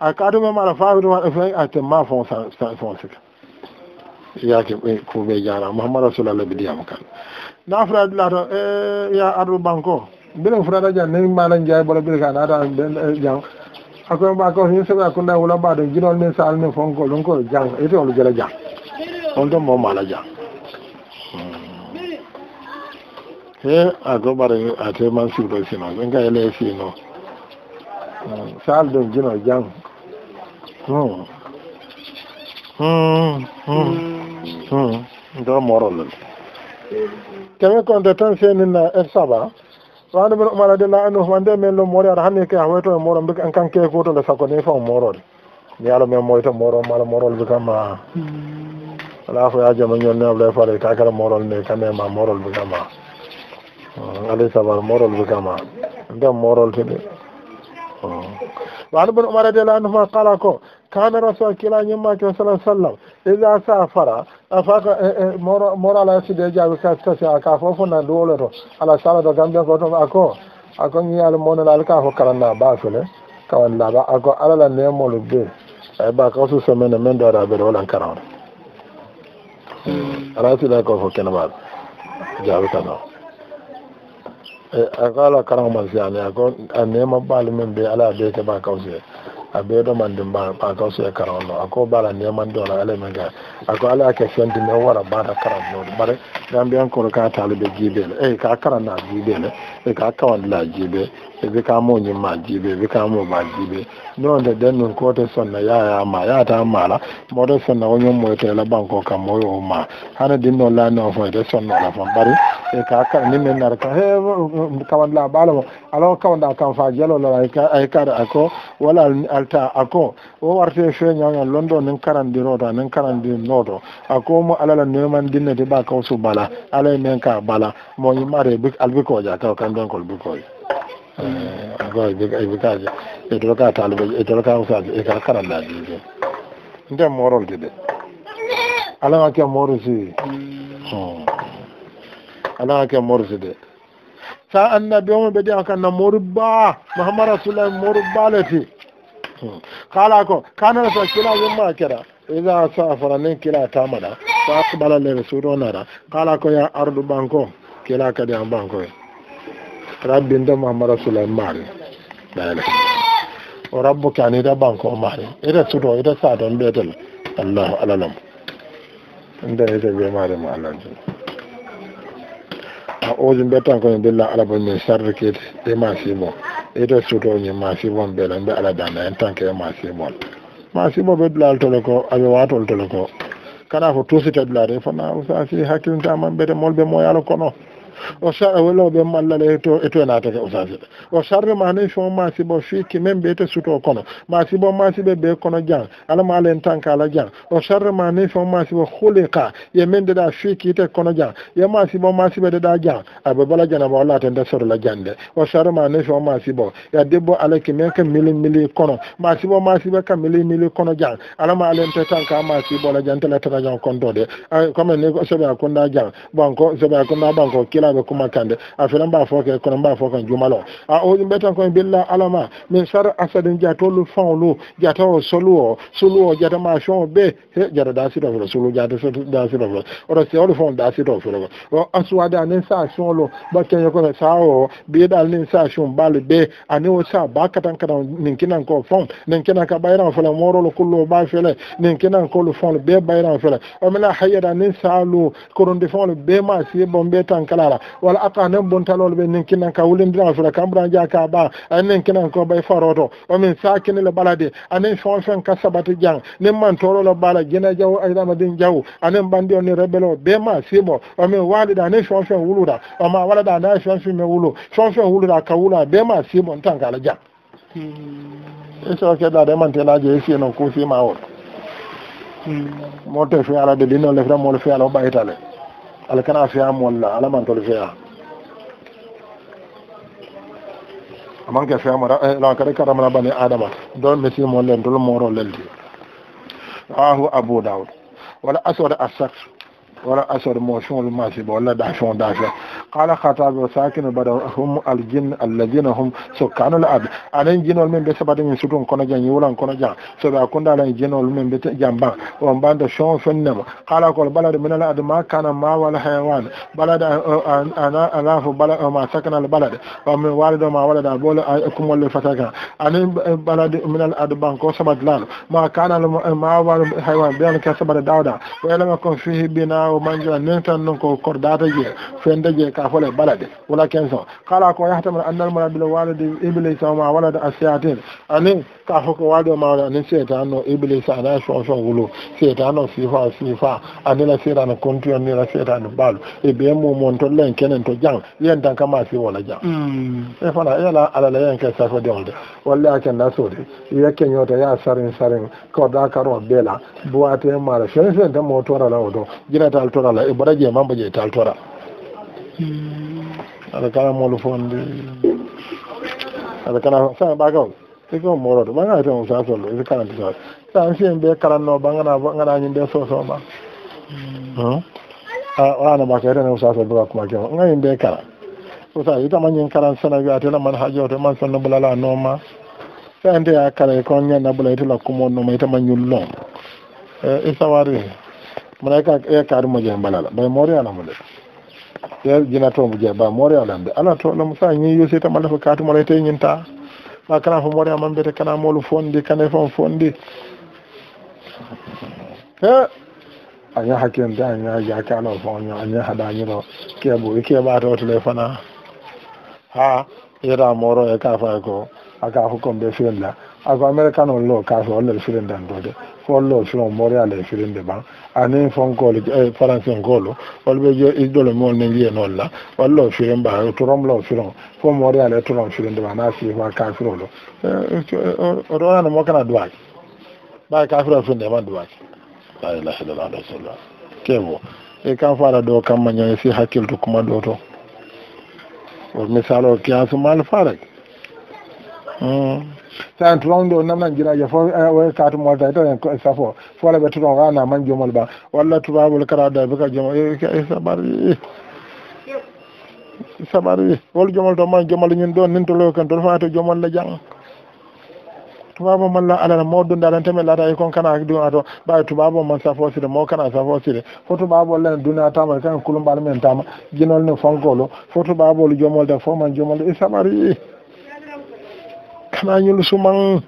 a kaatume mara fawiɗum waɗa a aten ma fon fon sika ke ko ɓe jarama mouhammad rasulallah bidiyama kan nafra dilata e ya ardu banko mbiɗen futata jan nani malan jeeyi bola mbiɗa ka nata jang akoye mba ko min soɓe hakkuda wula mba ɗon jinol nin sal nin fonko ɗum ko jang ete olu jela jang on ton mo mala jang hmm. he ako a te man siwto sino ɓen ka ele sino sal ɗum jino jam mm, do mm, mm. morolol keme konte tan seninna et saba wani bin umar adilla anu mande men lo mori ar hanne ke hawaito e moro mbik an ke ko le sako ne fa morol ni alo men moyto moro mala morol bi kama ala fo ya jama nyon ne abla fare ka kala morol ne kame ma morol bi kama ale sabar morol bi kama ndam morol وعن ابن عمر رضي الله عنهما قال كو كان رسول كلا يما صلى الله عليه وسلم إذا سافر أفاق مورا لا يسيد جاب كاستسي أكافو فنا دولة على سالة دقام بيكوتم أكو أكو نيال مونا لالكا هو كرنا بافلة كوان لابا أكو على لنيمو لبي أبا كوسو سمين من دورا بيرولا كرانا راسي لا كوفو كنبال جاب كنبال a ko ala karaŋo maŋ si ane a neema baalu be ala be ke baa kaw sie a bee do maŋ ba ba kaw sie karang no a ko baala neemaŋ doola ala meŋ gaa a ko ala ye ke fenti meŋ wara baata karaŋ nooto bari gambiyaŋ koro kaa taalu be jiibee le e eh, kaa karaŋ naa jiibee le e eh, kaa kawandi la jiibee ɓe kamo ñimma jiiɓe ɓe kamo ma jiiɓe nonde ɗen nun kote sonna yaya ma yata mala moto sonna ko ñommoy tela banko ka moyo o ma hana dinno lani on foyte sonnoɗa fa bari e ka ni min nara ka he kawanla ɓalamo alawo kawanɗa kam fa jelolora ay kada ako wala alta ako o warte feñagan londo nin karandiroto nin karandinoto ako mo alala neman dinnete ɓa kawsu bala alay men e ka bala mo ñimmare albikoja kaw kamɓen kol bikoy ibukaje itoloka talibe a usaje ikala karalla dije ala ala de sa annabi ko kila kira idza safara fa aqbala li kala ko ya banko kila kadi an banko رب انت محمد رسول الله ماري لا لا وربك يعني ده بانكو ماري إذا سدو إذا سادو بيتل الله على نم عند إذا بماري ما الله جل أعوذ بتانكو بالله على من شر كيت إما سيبو إذا سدو إما سيبو بلا بلا دانا إنتانك إما سيبو ما سيبو بدلا تلكو أبي واتول تلكو kana ko tusita dulare fana usasi hakkilintama mbete molɓe moyalo kono o sar e wala ɓe mallala e to enatake e usasede o sarre mane fon e masibo fiki men ɓeyte suto kono masibo masiɓe ɓe kono jan alama ala en tanka ala jan o sarre mane fon masibo hulika ye men deɗa fiki ite kono jan ye masibo masiɓe deɗa jan aɓe bala janaba walla tende sorola jande o sarre mane fon masibo ya debbo alaki men ke mili mili kono ka mili mili kono jan alama en te tanka la jantele jan kontode comme ni soɓe a kunda jan banko soɓe a kunda banko kila ala ɓe kuma kande a filan mba foke kono mba fokan jumalo a oɗum ɓe tan koye billa alama min sara asadin olu fawlu jatawo solu o sulu o jatama o ɓe he jata dasito firo sulu jata dasito firo oto da fewo dasito firo o asuwade ni sa feolo ɓatteñe kono sawo biyeɗal nin sa ba mbaali bɛ ani o sa ba katan katan nin kɔ fɛn nin kinanka ɓayran fele morolo kullo ba fele nin kinankolu fewlo ɓe ɓayran fele omina hayyata nin salu koronde fewlo ɓe ma sibon bɛ tan kalala fula wala ata nen bontalol ɓe nin kinan ka wulindiran fula kambran ja ka ɓa anen kinan ko ɓay faroto omin sakini le ɓalade anen fen fen ka sabati jang nin man torolo ɓala jina jaw ayramadin jaw anen ɓandi on ni rebelo bema sibo omin walida anen wulura, fen ma wala da anen fen fen me wulu fen fen wuluda ka wula bema sibo tan kala jang hmm. eso keɗaɗe mantelaje si ma kuufima hmm. on mote fe ala de ɗinole vraiment le fe ala o ɓaytale على كان عفيام ولا على ما انتو لفيها اما انك عفيام إيه، لا كده كرم لبني آدم دون مثل مولين دول مورو للدي راه ابو داود ولا اسود السكس wala asar motion lu marché ba wala dafon dafa qala khatab sakin badahum al jinn alladhina hum sukanul ab anen jinol men be sabade men sutun kono jan yulan kono jan so ba kunda lan jinol men be jamba wa banda shon fenna qala kol balad min al ad ma kana ma wal hayawan balad ana alafu balad ma sakana al balad wa min walida ma walada bol akum wal fataka anen balad min al ad ban ko sabad lan ma kana ma wal hayawan ka sabada dawda wa lam kun fihi bina o manjira nen tan noon ko kordata je fende je ka fole balade wala kenso kala ko yahtamal annal mala bila walade iblis ma walade asiatin ani ka foko walde ma ani setan no iblis ana so so wulo setan no sifa sifa ani la sera na kontu ani la sera na balu e be mo mon to len kenen to jang yen tan kama si wala jang mm. e fana yala e ala la yen ka sa ko dolde walla ken na so de yake nyota ya sarin sarin ko da bela buate mara shen shen da motora la odo jina tal tora la ibaraje mamba je tal tora hmm. ala kana molu fondi ala kana sa ba gaw e ko moro to banga to sa so lo kana to sa an sen be karan no banga na banga na nyin so so ba hmm. hmm? a wa na ba ka rena sa so ba kuma ke ngai be karan so sa ita man yin karan sana ga to man hajo to man sanno bulala no ma sa ande nya na bulala la no ma ita man e mona ka ya karu mo jeen balala bay mori ala mo de ya jina to mo je ba mori ala be ala to no sa nyi yo se ta mala fa katu mo te nyin ta ba kana fa mori amam be kana molu fondi kana fa fondi he anya hakken da anya ya ka ala fa anya anya hada nyi no ke bo ke ba to to le fana ha ira moro e ka fa ko aka hukum be firin da ako american law ka fa wala firin dan do de follo fiŋo mooriyale firinde baŋ aniŋ fonkoolu eh, faransinkoolu wolu ɓe jo idolu mool niŋ yenoolu la wallo firin ba toromlo firin fo mooriyale torom firinde baŋ naa siifa kafirolu royano moo kana duwaaki baa kafiro firinde ma duwaaki la ilaha illallah rasulullah kewo e kan fara ɗo kamma ñoy si hakkiltu kuma ɗo to o misal o kiyasu maal farek san tulong do namnan jiraje fo eh, way katu mo tay tan ko safo fo la be tulong ana man jomol ba walla tubabul karada be ka jomol eh, eh, sabari sabari wol jomol to man jomol ñun don nintolo kan to faato jomol la jang tubabo man la alana mo dunda lan teme lata e kon kana dun ato ba tubabo man safo fosire mo kana sa fosire fo tubabo lan duna tama kan kulum bal men tama jinol ne fonkolo fo tubabo jomol da fo man jomol e sabari kana ñul suman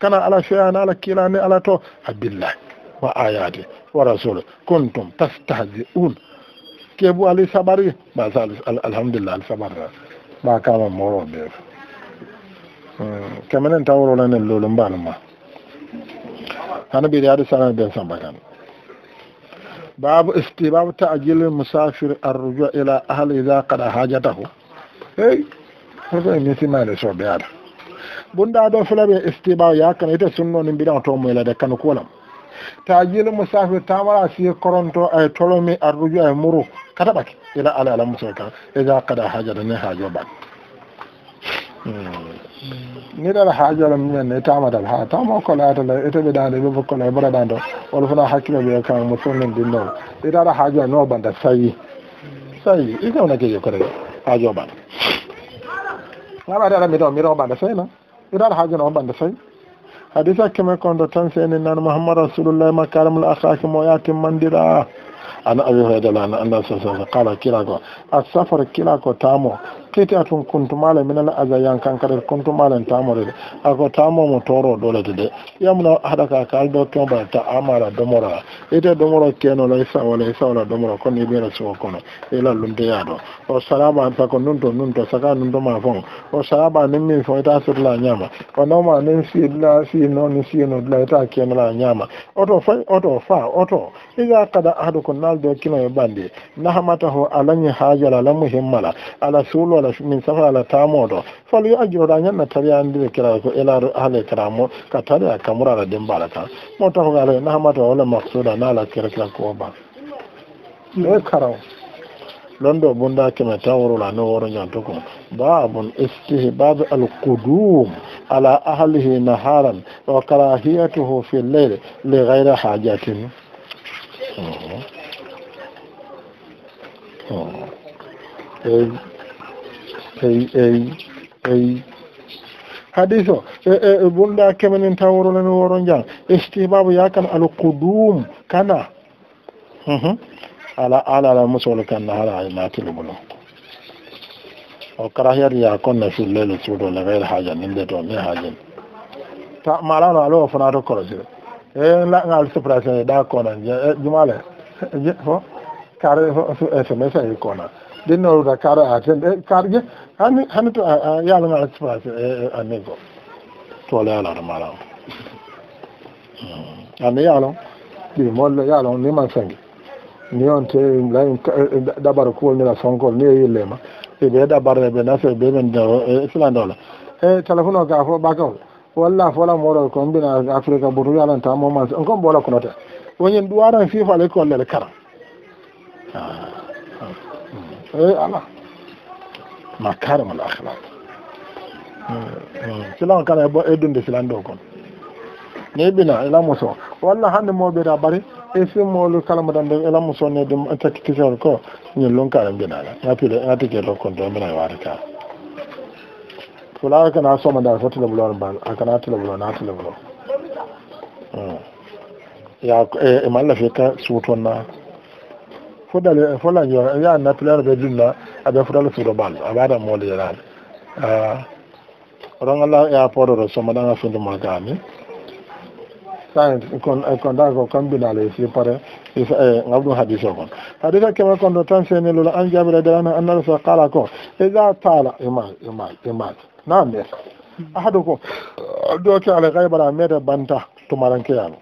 kana ala feyani ala kilani ala to abillahi wa ayati wa rasulu kuntum tastahzi'un kebu ali sabari ba sa alhamdulillah alsabarra ba kama moro be hmm, kamanen tawro lanen lolum banuma hanabi da sanan ben sambakan babu istibab ta'jil musafir arruju ila ahli idha qada hajatahu hey ko ni simale so be ada bunda do fulabe istiba ya kana ita sunno nin bidan to mu da kan kolam tajil musafir mara si koronto ay e, tolomi arruju ay e, muru kata baki ila ala ala musulka idza qada hajara ne hajo ba hmm. ni dara hajara min ne tama dal ha ta tama ko e, la dal ita be dan bi ko la bara dan do wal fana hakilo be kan musulmin din no ida da hajara no banda sayi sai ita ona ke yo kare hajo ba na ba dara mi do mi ro banda sayi na ira alhaajana o ɓannda fayi hadisa keme konɗo tan seni nan mouhammad rasulullah makarimul akaki mo yatimmandira ana abi hoydala ana annabi sa sa qala kila ko a safar kila ko tamo kiti atun kuntumala minal azayan kankarar ta tamore ako mu mo toro dole de yamna hada ka kal do to ba ta amara domora ita domoro keno la isa wala isa wala domoro kon ibe na so kono ila ya do o an ta ko nun to nun to saka nun do ma fon o salaba nin min fo ita sur la nyama o no ma nin si la si no ni si no la ita keno la nyama oto fa oto fa oto iga kada ahadu kun nal do kino bande ho alani hajala la muhimmala ala sulu ala min safa ala tamoɗo falo yo ajjuroɗa ñanna tariyandire kira ko elaɗo haale kira mo ka tariya kamurala dembala kan ta tahoga ala nahamata walla maksuda ala kira kira ko ba ɗo hmm. karaw londo bunda keme tan worula no woro ñanto ko babun istihbabe ala ahlihi haram wa karahiyatuhu fi lleyle li gayre hajatin Oh. eyi eyi eyi hadis o e, e, e tan woro jan yakan alqudum kana mhm. ala alala musol kanna hala natili bulo o ya to ta alo e, e jumale kare sms dinnoruɗa kara aten ɗe karje hani hani to yalama espace anigo tole yalata malam ande yalon ɗi molle yalon niman sangi ni on te ɗaɓara kuwol mila sonkol ni e yillema ɓe ɗaɓarde ɓe nafe ɓe ɓen filandola e téléphone o ga fo ɓakawol walla fola moɗol kon mbina afrique botu yalanta moman on kon ɓoola konote duwara ɗuwaran fifa alay kollel kara Eh, ala ma karamal akhlaq hmm, hmm. silan kana e eh, dunde silan ɗo kon ne ɓina ela muso walla hande moɓeɗa ɓari e simmolu kala mo ɗan ela muso ne ɗum eh, takkitisol ko ñin lon kare mbiɗaɗa ngapile ngatike ɗo kon to mbina wata kara fula kana somada fo telebulo mbal akana telebulo na telebulo hmm. ya e mallafe ka suutonna fodal fola yo ya na pilar be dulla abe fodal suro bal abada mo le yaral ah ron Allah ya podo ro soma danga fundo mo gami kon kon da kan kambina le si pare if eh ngabdu hadiso kon hadisa kema kon do tan sene lo an jabira dana an rasul qala ko idza tala ima ima ima na mer ahadukum doki ala ghaibara meda banta tumaran kiyano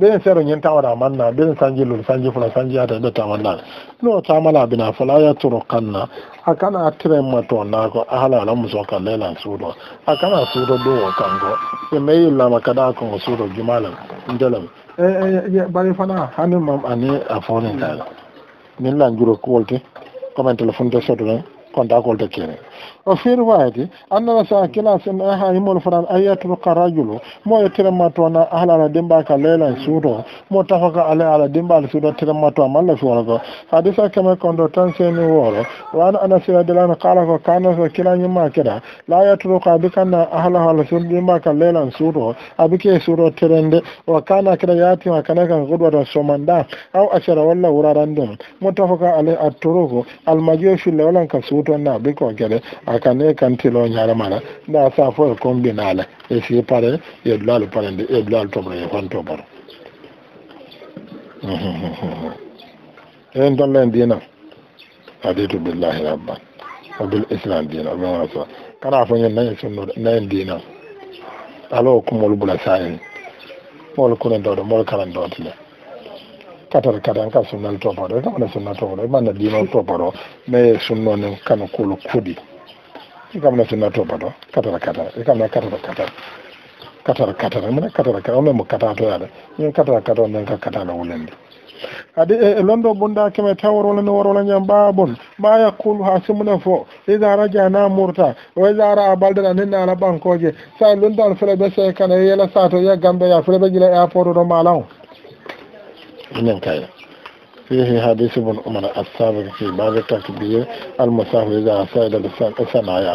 ɓeɗen seero a man na ɓeɗen sanji lol sanji fula sanji ta ma na no tamala bina fala yattoro kanna a kana tirenma to a ahalala muso ka su suuɗo a kana suuɗo ɗo o kan yi d'a kanko ɓe mayillama kada kongo suuɗo jumalen ndelem e, e, e, bari fana hani mam ani a ta min lan juro kuwolte comme téléphone te soto ɗen kontakolto kene o an annana sa kila sen ha imol fanan ayatruka rajulu mo e tirema toona ahlana dimba ka mo ala ko hadisa kama kondo tan seni wooro wan anasira delano kala ko kana so kilañimma keɗa la yatruka abi kanna ahla hala suuto dimba ka leylan suuto abi ke suuto kana kana kan somanda wuraran mo ka buton na bi ko kede aka ne kan tilo nyara mara da sa fo ko binala e si pare e dulal pare de e dulal to mo e kwanto bar en don len dina aditu billahi rabban wa bil islam dina wa rasul kana fo nyen nan sunno nan dina alo kumol bula sayin mol kunen do do kalan do katar kan karan ka sunnal topaɗo e kamana sunna topaɗo e manna ɗimal topaɗo mais sunnonin kano kuolo kuɗi e kamana katar topaɗo katara katara e katar katar katar katara katara mine katara katara omen mo katatoyaɗe min katara katara nden ka katala wulende adi e, e londo bundaki me tawrolani worolañam babun ma yaqulu ha simuna fo ida e raja na murta wa o ida e raa balden aninna ala bankoje sa lundan fele ɓe seekana yela sato ya gambe ya fele ɓe gila airport do malan wannan kayan sai sai hadai umar asaba da ke ba zata ta biyu almasafi za a sai da lissan ƙasa a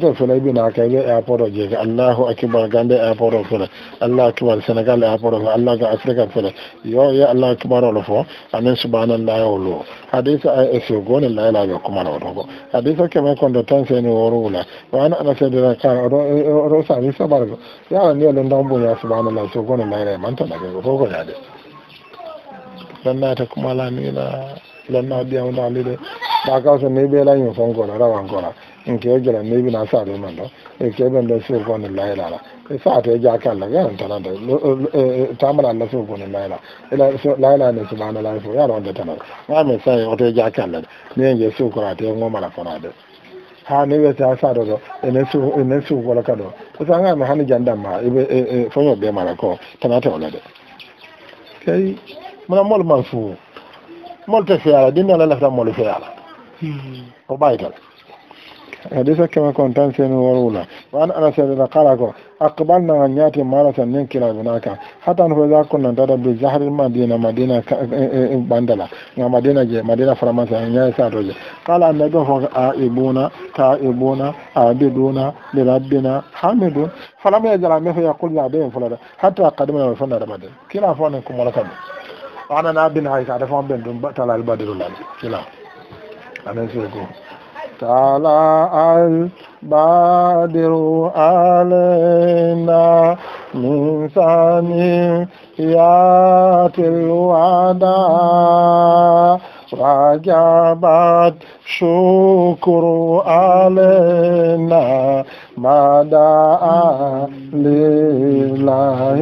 zafi na a akibar ganda senegal airport ga afirka suna yau ya allah akibar hadisa a ese gonin kuma na kumana oɗon ko hadisa keme kondo tan ni woro wula na ana da kan ni sami sabargo yala ni olon dan buña subhanallah so gonin layla e mantanake ko ko yaade lannata kumalanila lanna ɗiyamɗo alide ɗa kaw so ni ɓeelañu fonkola rawankola in kewo jela ni bina saɗu men ɗo e keɓen ɗo layi la. sa'ata ya ji aka laga yan tana da tamara na sun kone laila laila ne su lana laila ya yara wanda tana ya mai sa ya wata ya ja kan laga ne yanke su kura ta yango mara fara da ha ne bai ta e e e sa da ne su ne su kura kado kusa an gama hannu jandan ma ibe fanyo be mara ko na ta wala da kai muna mol man su mol ta fiyara dinna lalata mol fiyara ko bai ta hadisa kama kontan sen wula wan ana sai da kala ko akbal na nyati mara san nin kila bunaka hatan fa za kunna da bi zahar madina madina eh, eh, eh, bandala na madina je madina faramasa nya sa to je kala annabi fa a ibuna ta ibuna abiduna li rabbina hamidun falam ya jara me fa yaqul la bayn fulada hatta qadimna wa fanna rabada kila fa ne kuma lakam ana na bin haisa da fa ben dun batala al badrul kila anan sai ko تعالى البادر علينا من ثنيات الوداع وجبت شكر علينا مدى لله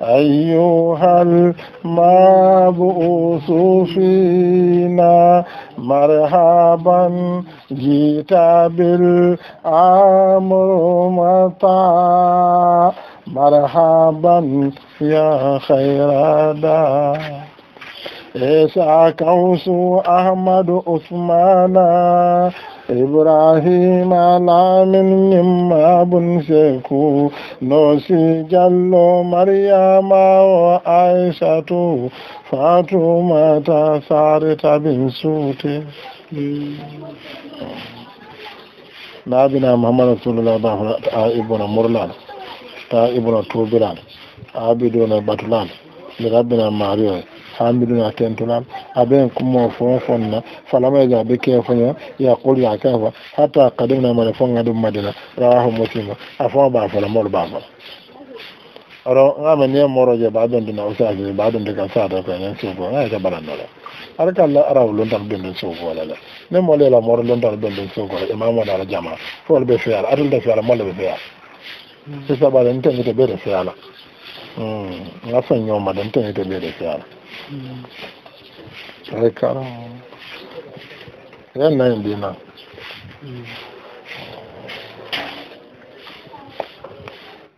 ayuhal mabusu fina marhaban jita bil amrumata marhaban ya khairada esa kausu ahmadu usmana ibrahim alamin nimmabun seku nosi jallo mariyama o aisatu fatumata sare tabin suute laabina mouhamad rasulullah bah ta ibna mourlan ta ibna tourbilan abidona batulan mi rabbina mario hamiduna kentulan aben kuma fon fonna falama ga be ke fonya ya qul ya kafa hatta qadimna mala fonga dum madina rawahu muslim afa ba fala mol ba ne moro je ba don dina je ba don daga sa da kan so ko ai ka bana nola ar la ara lon dal don so ko la la ne mo le la moro lon dal don so ko ma mo la jama fol be fiar adul da fiar le be fiar sisa ba den tan be be fiar la den be be fiar ai karam yan nan dina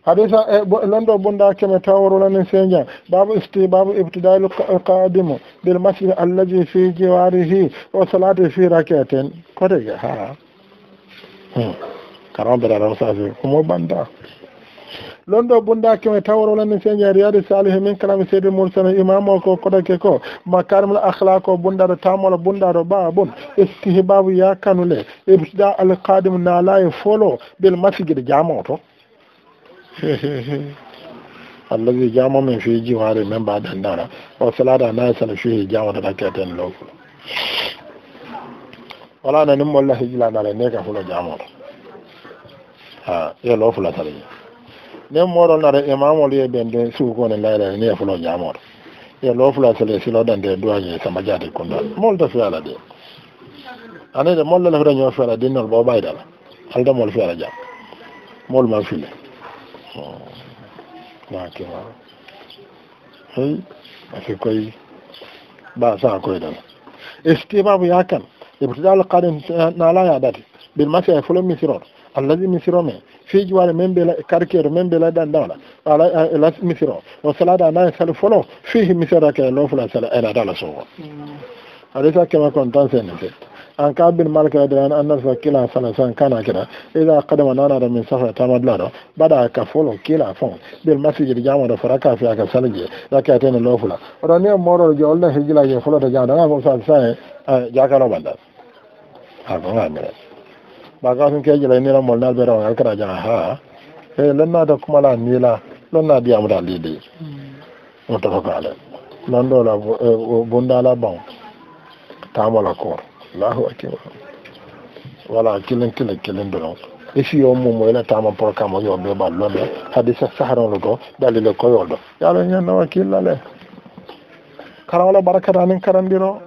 hadisa e londo bonda keme tawrolanin sejan babu isti babu ibtidail qadimu bil masjid allazi fi jiwarihi wa salati fi rakatain kodega ha karam bera rawsa fi kuma banda londo bunda keme tawro lan sen jari yadi salih min kalam sayyidul mursal imam ko kodo ke ko makarimul akhlaq ko bunda do tamol bunda do babun istihbab ya kanule ibda al qadim na la folo bil masjid jamoto الذي جامع من في جوار من بعد النار وصلاة الناس salada na جامع fi jama ولا katen الله wala على nim wallahi جامع ها ne ka fulo ne nen moɗo nara imamol ye ɓen de suukone layrani ni e fulo ñamoɗo ye lo fula sele silo ɗande duwañe sama jaati kunda molta fiyala de anede molle lefata ñoo fiyala dinnol bo ɓaydala alda mol fiyala jam mol ma file nakima oh. hey asi koy ba sa koy ɗala istibabu yakan ibtidal e qarin nala yaɗati bil masi e fulo misiroɗo الذي نسيرهم في جوار من بلا كاركير من بلا دان دولا على لا نسيره وصلاة أنا يسأل فلو فيه مسيرك لو فلا سأل أنا دولا سوا أليس كما كنت أنسى أن كابن مالك أدران أن نرسى كلا سنسان كان كلا إذا قدم نانا من صفحة تامد لارو بدا كفولو كلا فون بالمسجد جامو دفراكا في أكا سنجي لك أتين اللو فلا ورانيو مورو جول نهي جلا جي فلو تجانا نفو سنسان جاكا لو بندر هاكو غامرس ɓaka sun ke jela nila mol nal ɓeɗa wangal kata jang ha e lennade kumala nila lonna diyamuta lidi mutafaka ale nan ɗola bundala ban tamola koor allahu akibar voilà kilin kilin kilin donon ifi yo mum mo ila tama programme o yoɓe ɓal londe haade saharanlo to dalile koyolɗo yaalo ñannawa killale karawola barakata nin karandiro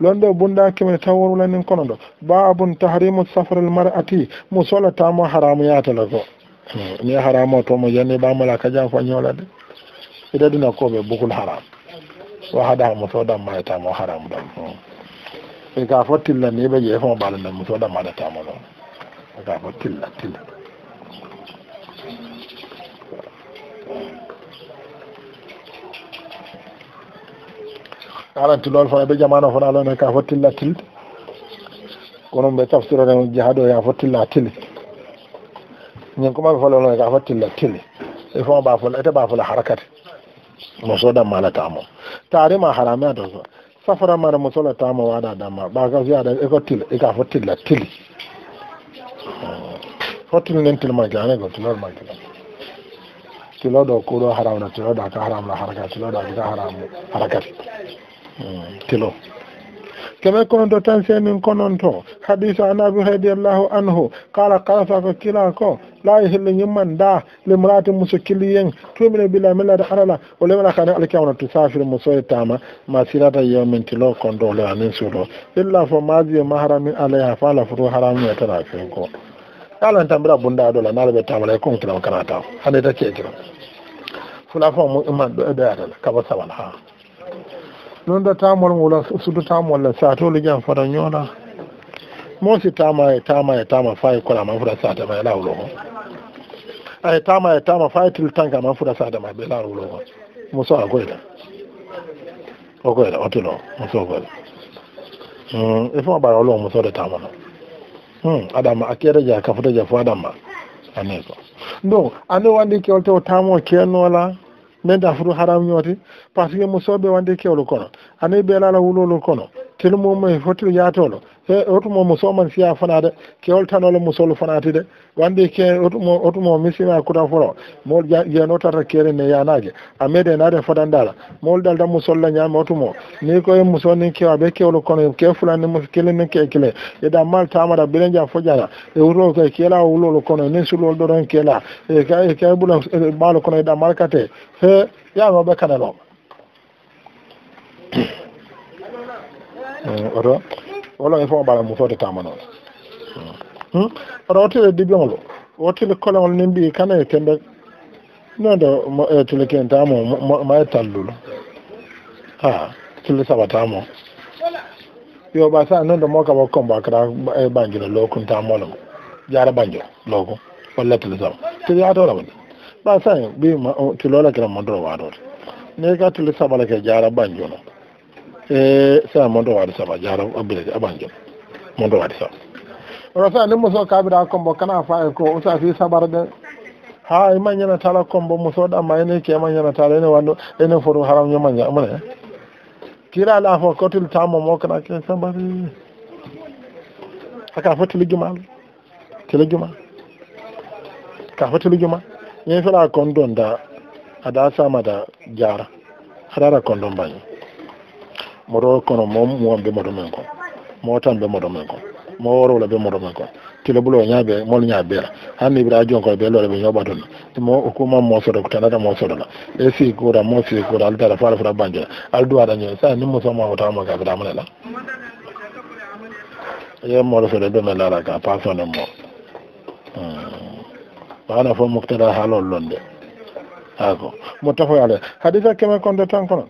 londo bunda kemene tan worulanin kono ba abun tahrimu safre l mar'ati ta solatamo haramu yatala ko ni haramo tomo janni bamala ka jan fo de ida ko be bukul haram hada mu to ta etamo haramu ɗam e hmm. ka fo tilla ni ɓe jeefo mu to damma ɗatamo ɗon e ka til Thank you. alan tilol fana ɓe jamano fana alone ka fottilla tilde kono ɓe tafsirone jahado ya fottilla tili ñin komaɓe folone ka fottilla tili e fo ɓa fola ete ɓa fola harakate mo sodan mala tamo taarima harame ato so safara mara mo sola tamo waɗa damma ɓa ka fiyaɗa eko tili eka fottilla tili fottili nen tilmaki ane go tilol makila tilo do kuro haram ɗo tilo da ka haram la harakate tilo da ka haram harakate tilo keme kononto tan senin kononto hadisu an abi radiallahu anhu kala kalasa ko kila ko la yihillu ñimman da limrati muso kiliyen tumine bila millata alala o lemana kane alkiyamana tu safir musoye tama ma silata yewmintilo konto le anin suuto illa fo madiye maharamin alayha fa la fotu haramie tara fen ko alan tambira bunda ɗo la nalaɓe tamala kon kilam kana hande ta cekiro fula mu iman ɗo e ɗoyatala kaba sabal ha nonda tamol ngola sudu tamol la satolu jam fota ñoola moosi tama e tama e tama fayi kolama futa satama e lawulo ko aye tama e tama fayi til tankama futa satama ɓe lawulo ko muso a koyta o ko koyta o tilo muso koyta il faut ɓara olo muso de tamano adama a kere ja kafuta ja fo adamma ani ko donc ani wandi kewlte o tamo la? men da furu haram ñooti par ce que mo soɓe wande kewlu kono ani ɓeelala wulolu kono tilmum e foti yatolo e otumo musoman siya fanade kewol tanole musol fanati de wandi ke otumo otumo misima kuta foro mol jeno tata kere ne fodandala mol otumo ni e kono ke kele ke kele e mal tamara fojara e wuro ke kela kono kela e bulan balo kono markate he be oto woloŋe fof mbaɗa musode tamanoɗo oto o tele dibiolo o tele koleŋol nin mbi kana e tembe noɗo tele kentamo ma e tallulo ha tele sabatamo yo ɓa sa noɗo mo kaba comba kata e bangilo lokuntamolo jara banjo loku walla tele saba tele yatoraɓade ɓa sa ɓi tulola kira wa waɗode ne ka tele sabala ke jara banjono e sa mondo waɗi sama jaram abbilede abanjol mondo waɗi sama oto sa ni muso kaɓira combo kana faye ko usa fi sabara ɗen ha ima ñanatala combo musoɗamma ene kema ñanatala ene wanɗo ene fotu haram ñamaña mune kira la fo kotul tamo mo kana ke sabari aka fotul juma til juma ka fotul juma yin la kondon da ada sama da jara ada da kondon bani moto kono mom mo be moto men ko moo tan be moto men ko mo woro la be moto men ko tile bulo ñaabe mol ñaabe la hanni ibra jonko be lole be ñobato ni mo ko mom sodo ko tanata mo sodo la e si ko da mo si ko da altara fala fala banje al duwa da ñe sa ni mo so ma wata mo ka da la ye mo lo sodo be me la la ka pa so ne mo wana hmm. fo muktada halol londe ako mo tafo yale hadisa kemen konde tan kono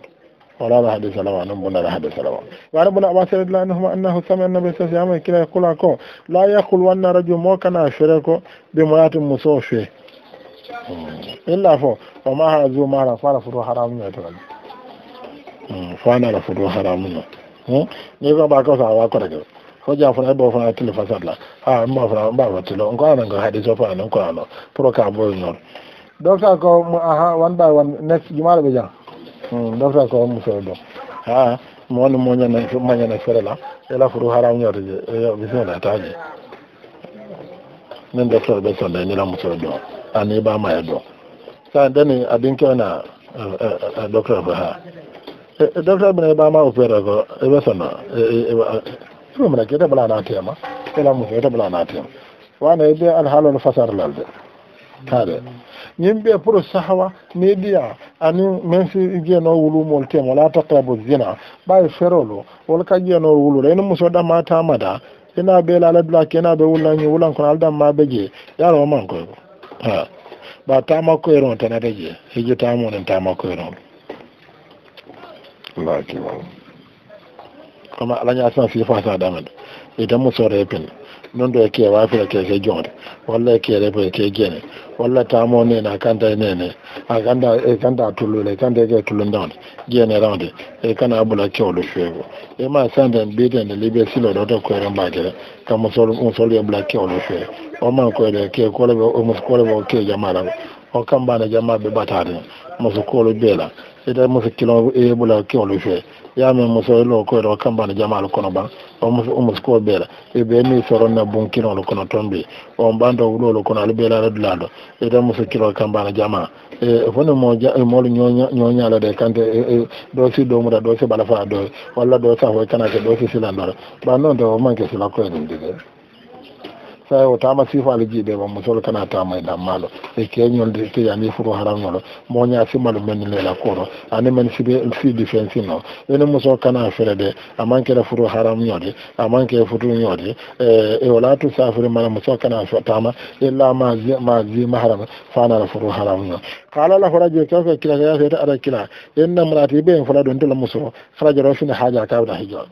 ولا لا حديث له عنهم ولا لا حديث له وعن ابن عباس رضي الله عنهما انه سمع النبي صلى الله عليه وسلم كلا يقول لكم لا يقول وان رجل مو كان شركه بمرات مصوفي الا فو وما هذا ما رفع فروح حرام فانا لا حرام ne ba ba ka sa فجاء ko daga ko ja fa ba fa فلان fa sala ha ma fa ba fa tele on ko أنا بروكا بوزنور so fa an ko an pro ka bo no do one by one next Hmm, dafa ko musoro do ha mo mo woni ma moñana fere la ela furu haram ñoto je bisimilla taji nin deftere ɓe solle nila musoro do ani ba ma ya do sa dani adin na eh, eh, eh, docteur ba ha docteur ba ma opére ko e e ba furu ɗumina ke da na tema ela musoro na tema wa na ide wana ɓe alhaalol fasarlalde kare ñin ɓe pour sahawa ni ɗiya ani min si jeeno wulumol tem wala taqrabu zina ɓawi ferolo wol ka jeeno wulula ino musoɗa ma tamada ina ɓe lala dula kena ɓe wullañi wulan kono aldan ma ɓe je yaro man koy ɓa tama koyeron tanata je hiji tamonen tama koyeron allahu akibar comme alaña san fi fasa damen ita musore pin non ɗo ke wafira keke jonde walla kere po ta gene ne tamo nene e a kanta nene a kanta e kanta tulu kanta ke tulludawde gene rawde e kana ɓula kewlo feego e ma da mbitende libe silo da koyre mbakere ba musol ka ye ɓula kewlo fee oman koyɗe ke koloɓe koleɓe o ke jamala ko o kambane jamma musu ɓatade muso koolo beela ita muso kilon yeɓula kewlu fee yamin muso lo koyɗo o kambane jamalu kono ban o muso umus ko e be ni soronne bun kilolu kono tombi on ɓanto wulolu kono ala la dulaɗo ita e musu kilo kambane jama e foni mo e molu ñoñala de kante ɗo e, si ɗomuta ɗo si bala fa wala ɗo walla ɗo kana kanake ɗo si silandore ba noon te o manque sila koye ɗum dige sai o tama sifo ala jiiɗe ma musolo kana tama e ɗammalo e keñolde tejani furo haranŋolo moña simalo men lela koro ani men siɓe siidi fensino ene muso kana fere de amankere furo haram ñoode amanke futu ñoode eh, e wala tu safiri mana muso kana tama illa ma e ma zima fana fanala furo haram ño kala la horajo kewke kila yasete aɗa kila enna mrati ɓe en fula ɗon tula musoro harajoro fini haaja kawda hijo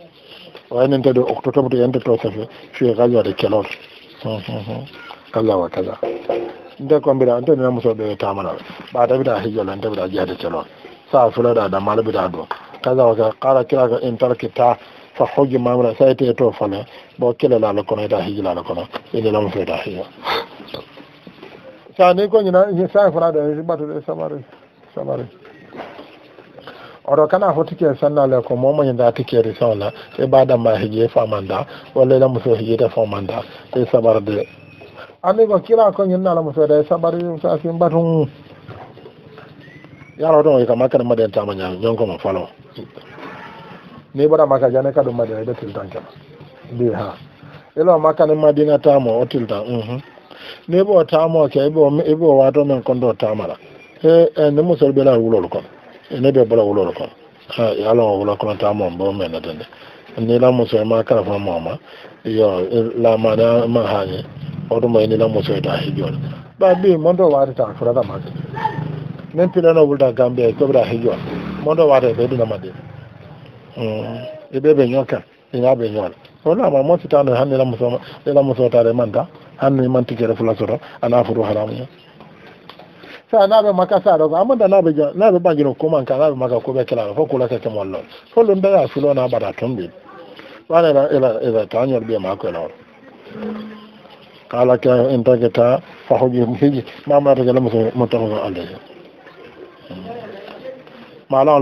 waynen tede octotobre yente to safe fi gaƴode kelol kalla wa kaza nte kombira ta mana muso ta bida ɓata bita ta bida jihar da cewa sa da damala bita do kaza wa kaza kala ga in tarki ta fa hojji mamra sa ite to fane bo kilelala kono ita hijjilala kono ililamu fo ita hija sa ni ko ñina sa fana de batude sabari samari. oro kana foti ke sanna le ko momo nyinda tike ri sona e bada ma hije manda wala la muso hije fa manda e de ande ko kila ko na la muso da sabari musa sin batun ro don e kama kana madan ta manya nyon ko ma falo ne bada maka jane ka dum madan e betil tanka bi ha ilo maka ne madina tamo otil ta mhm ne bo mo ke bo wa bo wato men ta mara e ne muso be la wulol kono ne ene ɓe ɓola wulol kon yo allah kɔnɔ ta konota mom bo mene tende ni la muso ma kala fa mama yo la mana ma hani o ɗum ni la muso ta hijol ɓa mbi monɗo waade tan furata made min pilano wulda gambia koɓira hijol monɗo waade ɓe ɗinama de i bɛ bɛn ɲɔgɔn kan i bɛn ɲɔgɔn ina ɓe ñoole ta mo sitano hanni la muso la muso tare manta hanni mantikere fula soto ana fotu haramu ñoo sa na be maka sa do amma da na be na be bagino ko man ka na be maka ko be kala fo kula e e ka kemo fo da su tumbi ila ila be ma ko kala ka ta ta fa ma ma hmm. ma la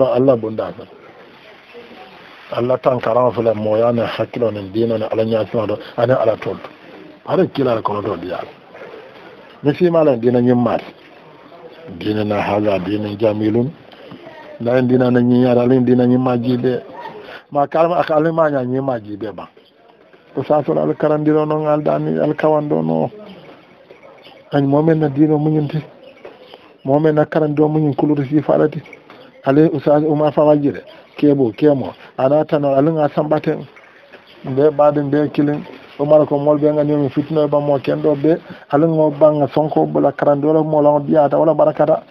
la tan ne hakkilo ne ne ala do ana ala tol kila ko do fi ma la dina na haga dina jamilun layin dina na yin yara layin dina yin maji ma kalma ma nya yin maji ba to sa so al karandiro no ngal dani al kawando no an momen na dino nyinti momen na mu nyin kuluru fi falati ale usaz fa wajire kebo kemo ana no alin asan baten be badin be kilin ɗo mara ko molɓe gandiyomi fitinoye ɓammo kenɗo ɓe halango banga sonko bala karande wala molao diyata wala barakata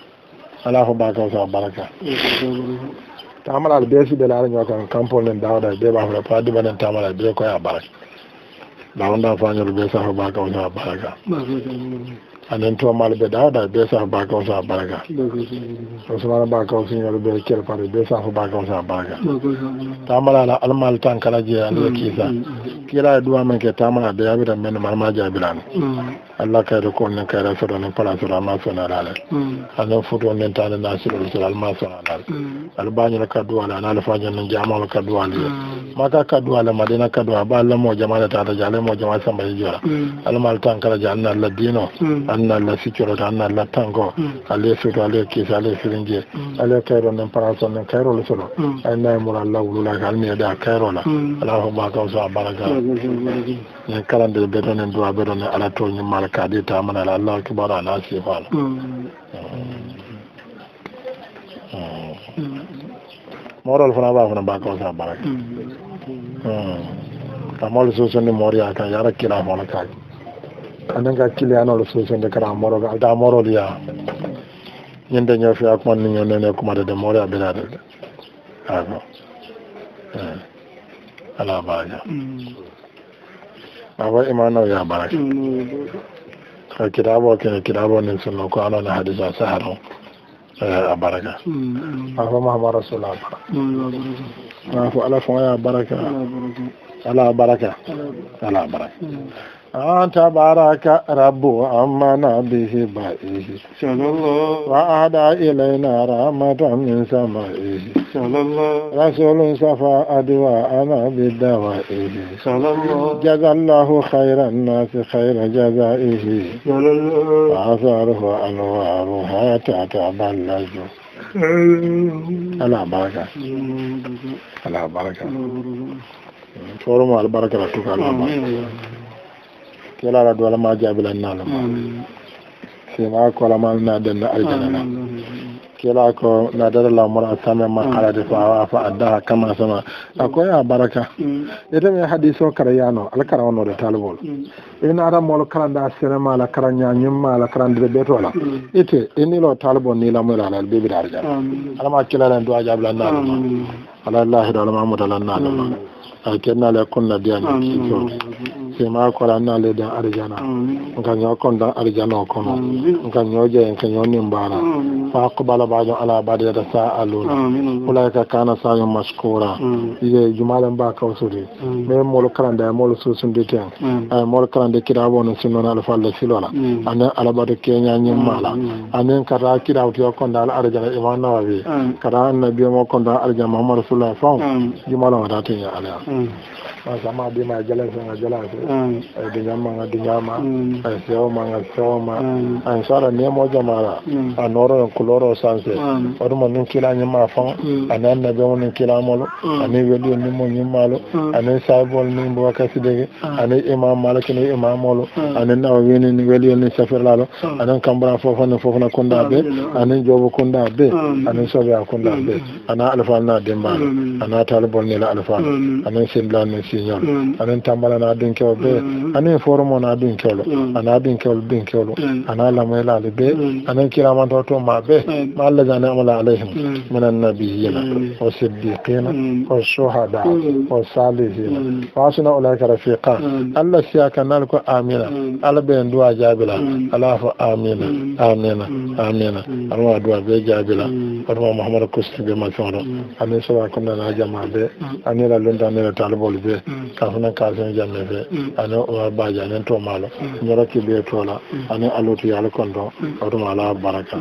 ala ko bakaw sa baraka tamala ala bee siɓe laara ñoo kan kampol nen dawda ɓe ɓa fota pa diɓanen tamala ɓe koye a baraka lawonda fañol ɓe safa bakaw sa baraka mali da anin tomal ɓe dawda be safo bakaw sa baraka usmane bakaw siñol ɓe kelpare be safo bakaw sa baraka tamalala almal tan kala je jeeya nde kiisa kiila e min ke da tamala ɓe yawita men malma jaabirani allah kayde kon nen kayra soɗo nen pala soɗo alma sonalale anen futo nen tane nasirol soɗo alma sonalale albañol kaduwale ana alfañol nen kaduwa kaduwale maka kaduwa kaduwale madina kaduwa ba allahmo jamane tata ja da jama samba e joora almal tan kala ja anna allah dino hmm. anna la sikkirode anna la tango ala suto ala kiisi ala firinje ala kayro nden paraso nden kayrole soɗo ay nayimur allah wululaka almiyeɗe a kayrola ala hoɓa kam so a baraka min kalandir beɗonen duwa beɗonen ala to ñimmala kaadi tamanala allahu kibaru ala sifala moorol mm. mm. mm. fana ɓa fana mba kaw sa baraka a moole sosonde mooriya kan yara kila hono kaake anan ka kiliyanol de kara ga da moro ya ñinde da nyofi ak man ni ne nene kumata de moore abirade de ako ala ba wai imana ya hmm. baraka, ka hmm, eh, kitabo kira kitabo nin sunno ko na hadisa saharo eh, a baraka hmm, a fa mahama rasul a bara a fo ala ah, fo ya baraka ala baraka ala baraka أنت بارك رب أمنا به بائه صلى الله وأعدى إلينا رحمة من سمائه صلى الله رسول صفى أنا بدوائه صلى الله جزى الله خير الناس خير جزائه صلى الله آثاره أنوارها تتبلج ala baraka ala baraka forum al baraka la tukala كلا رد ولا ما جاب لنا نعلم في معك ولا ما لنا دنا أرجعنا كلا كو نادر الله مرة ثانية ما على دفاع فأداها كما سما أكويا بركة إذا من حديث كريانو على كرانو رتالبول إن أرا مول كران داس سينما على كران يانيم ما على كران دربيت ولا إيه إني لو تالبول نيلا مول على البيبي رجع على ما كلا لنا دوا جاب لنا نعلم على الله رحمه الله مدلنا نعلم أكيد نالكون نديان Thank mm kema kola nale da arjana nka nyo konda arjana o kono nka nyo je nka nyo nimbara fa aqbala ba'du ala ba'di yatasaaluna ulaika kana sa'yun mashkura ide jumalan ba ka usuri me mol karanda mol susun diten ay mol karanda kirabo no sinona alfa le filona ana ala ba'du kenya nyimala anen kara kirawo to konda ala arjana imana wabi kara annabi mo konda arjana muhammad sallallahu alaihi wasallam jumalan wa ta ya ala ma sama bi ma jalan sa jalan adinya manga dinya ma an sewa manga sewa ma an sara ne mo jamara an oro en kuloro sanse odo mo nin kila nyima fon an an nabe mo nin kila molo an weli ni mo nyimalo an saibol ni bo kasi de an imam malik ni imam molo an na wini ni weli ni safir lalo an kambra fofo ni fofo na kunda be an jobo kunda be an sobe kunda be ana alfa na dimbalo ana talbol ni la alfa an sin lan ni sinyol an tambala na dinke Mm. ani o ɓe anin forumon a ɗin kewlo mm. ana ɗin kewlo ɗin kewlo mm. ana lamoylali ɓe anin kiramanto to ma ɓe ma allah jani amala alayhim min annabiyina o siddiqina o suhada o salihina wasuna ulayka rafiqa allah kan nal ko amina allah ɓe en duwa jaabila ala fo amina amina amina ala bɛɛ aɗuma duwa ɓe jaabila aɗuma mahamado kusti ɓe mafeoɗo anin sowa comme nana jama bɛɛ ani ɓe anira lunde anira talibol ɓe kafuna kasen jamme ɓe ane wa uh, baja ane to malo mm. nyara kibie tola mm. ane alotu yale kondo mm. otu mala baraka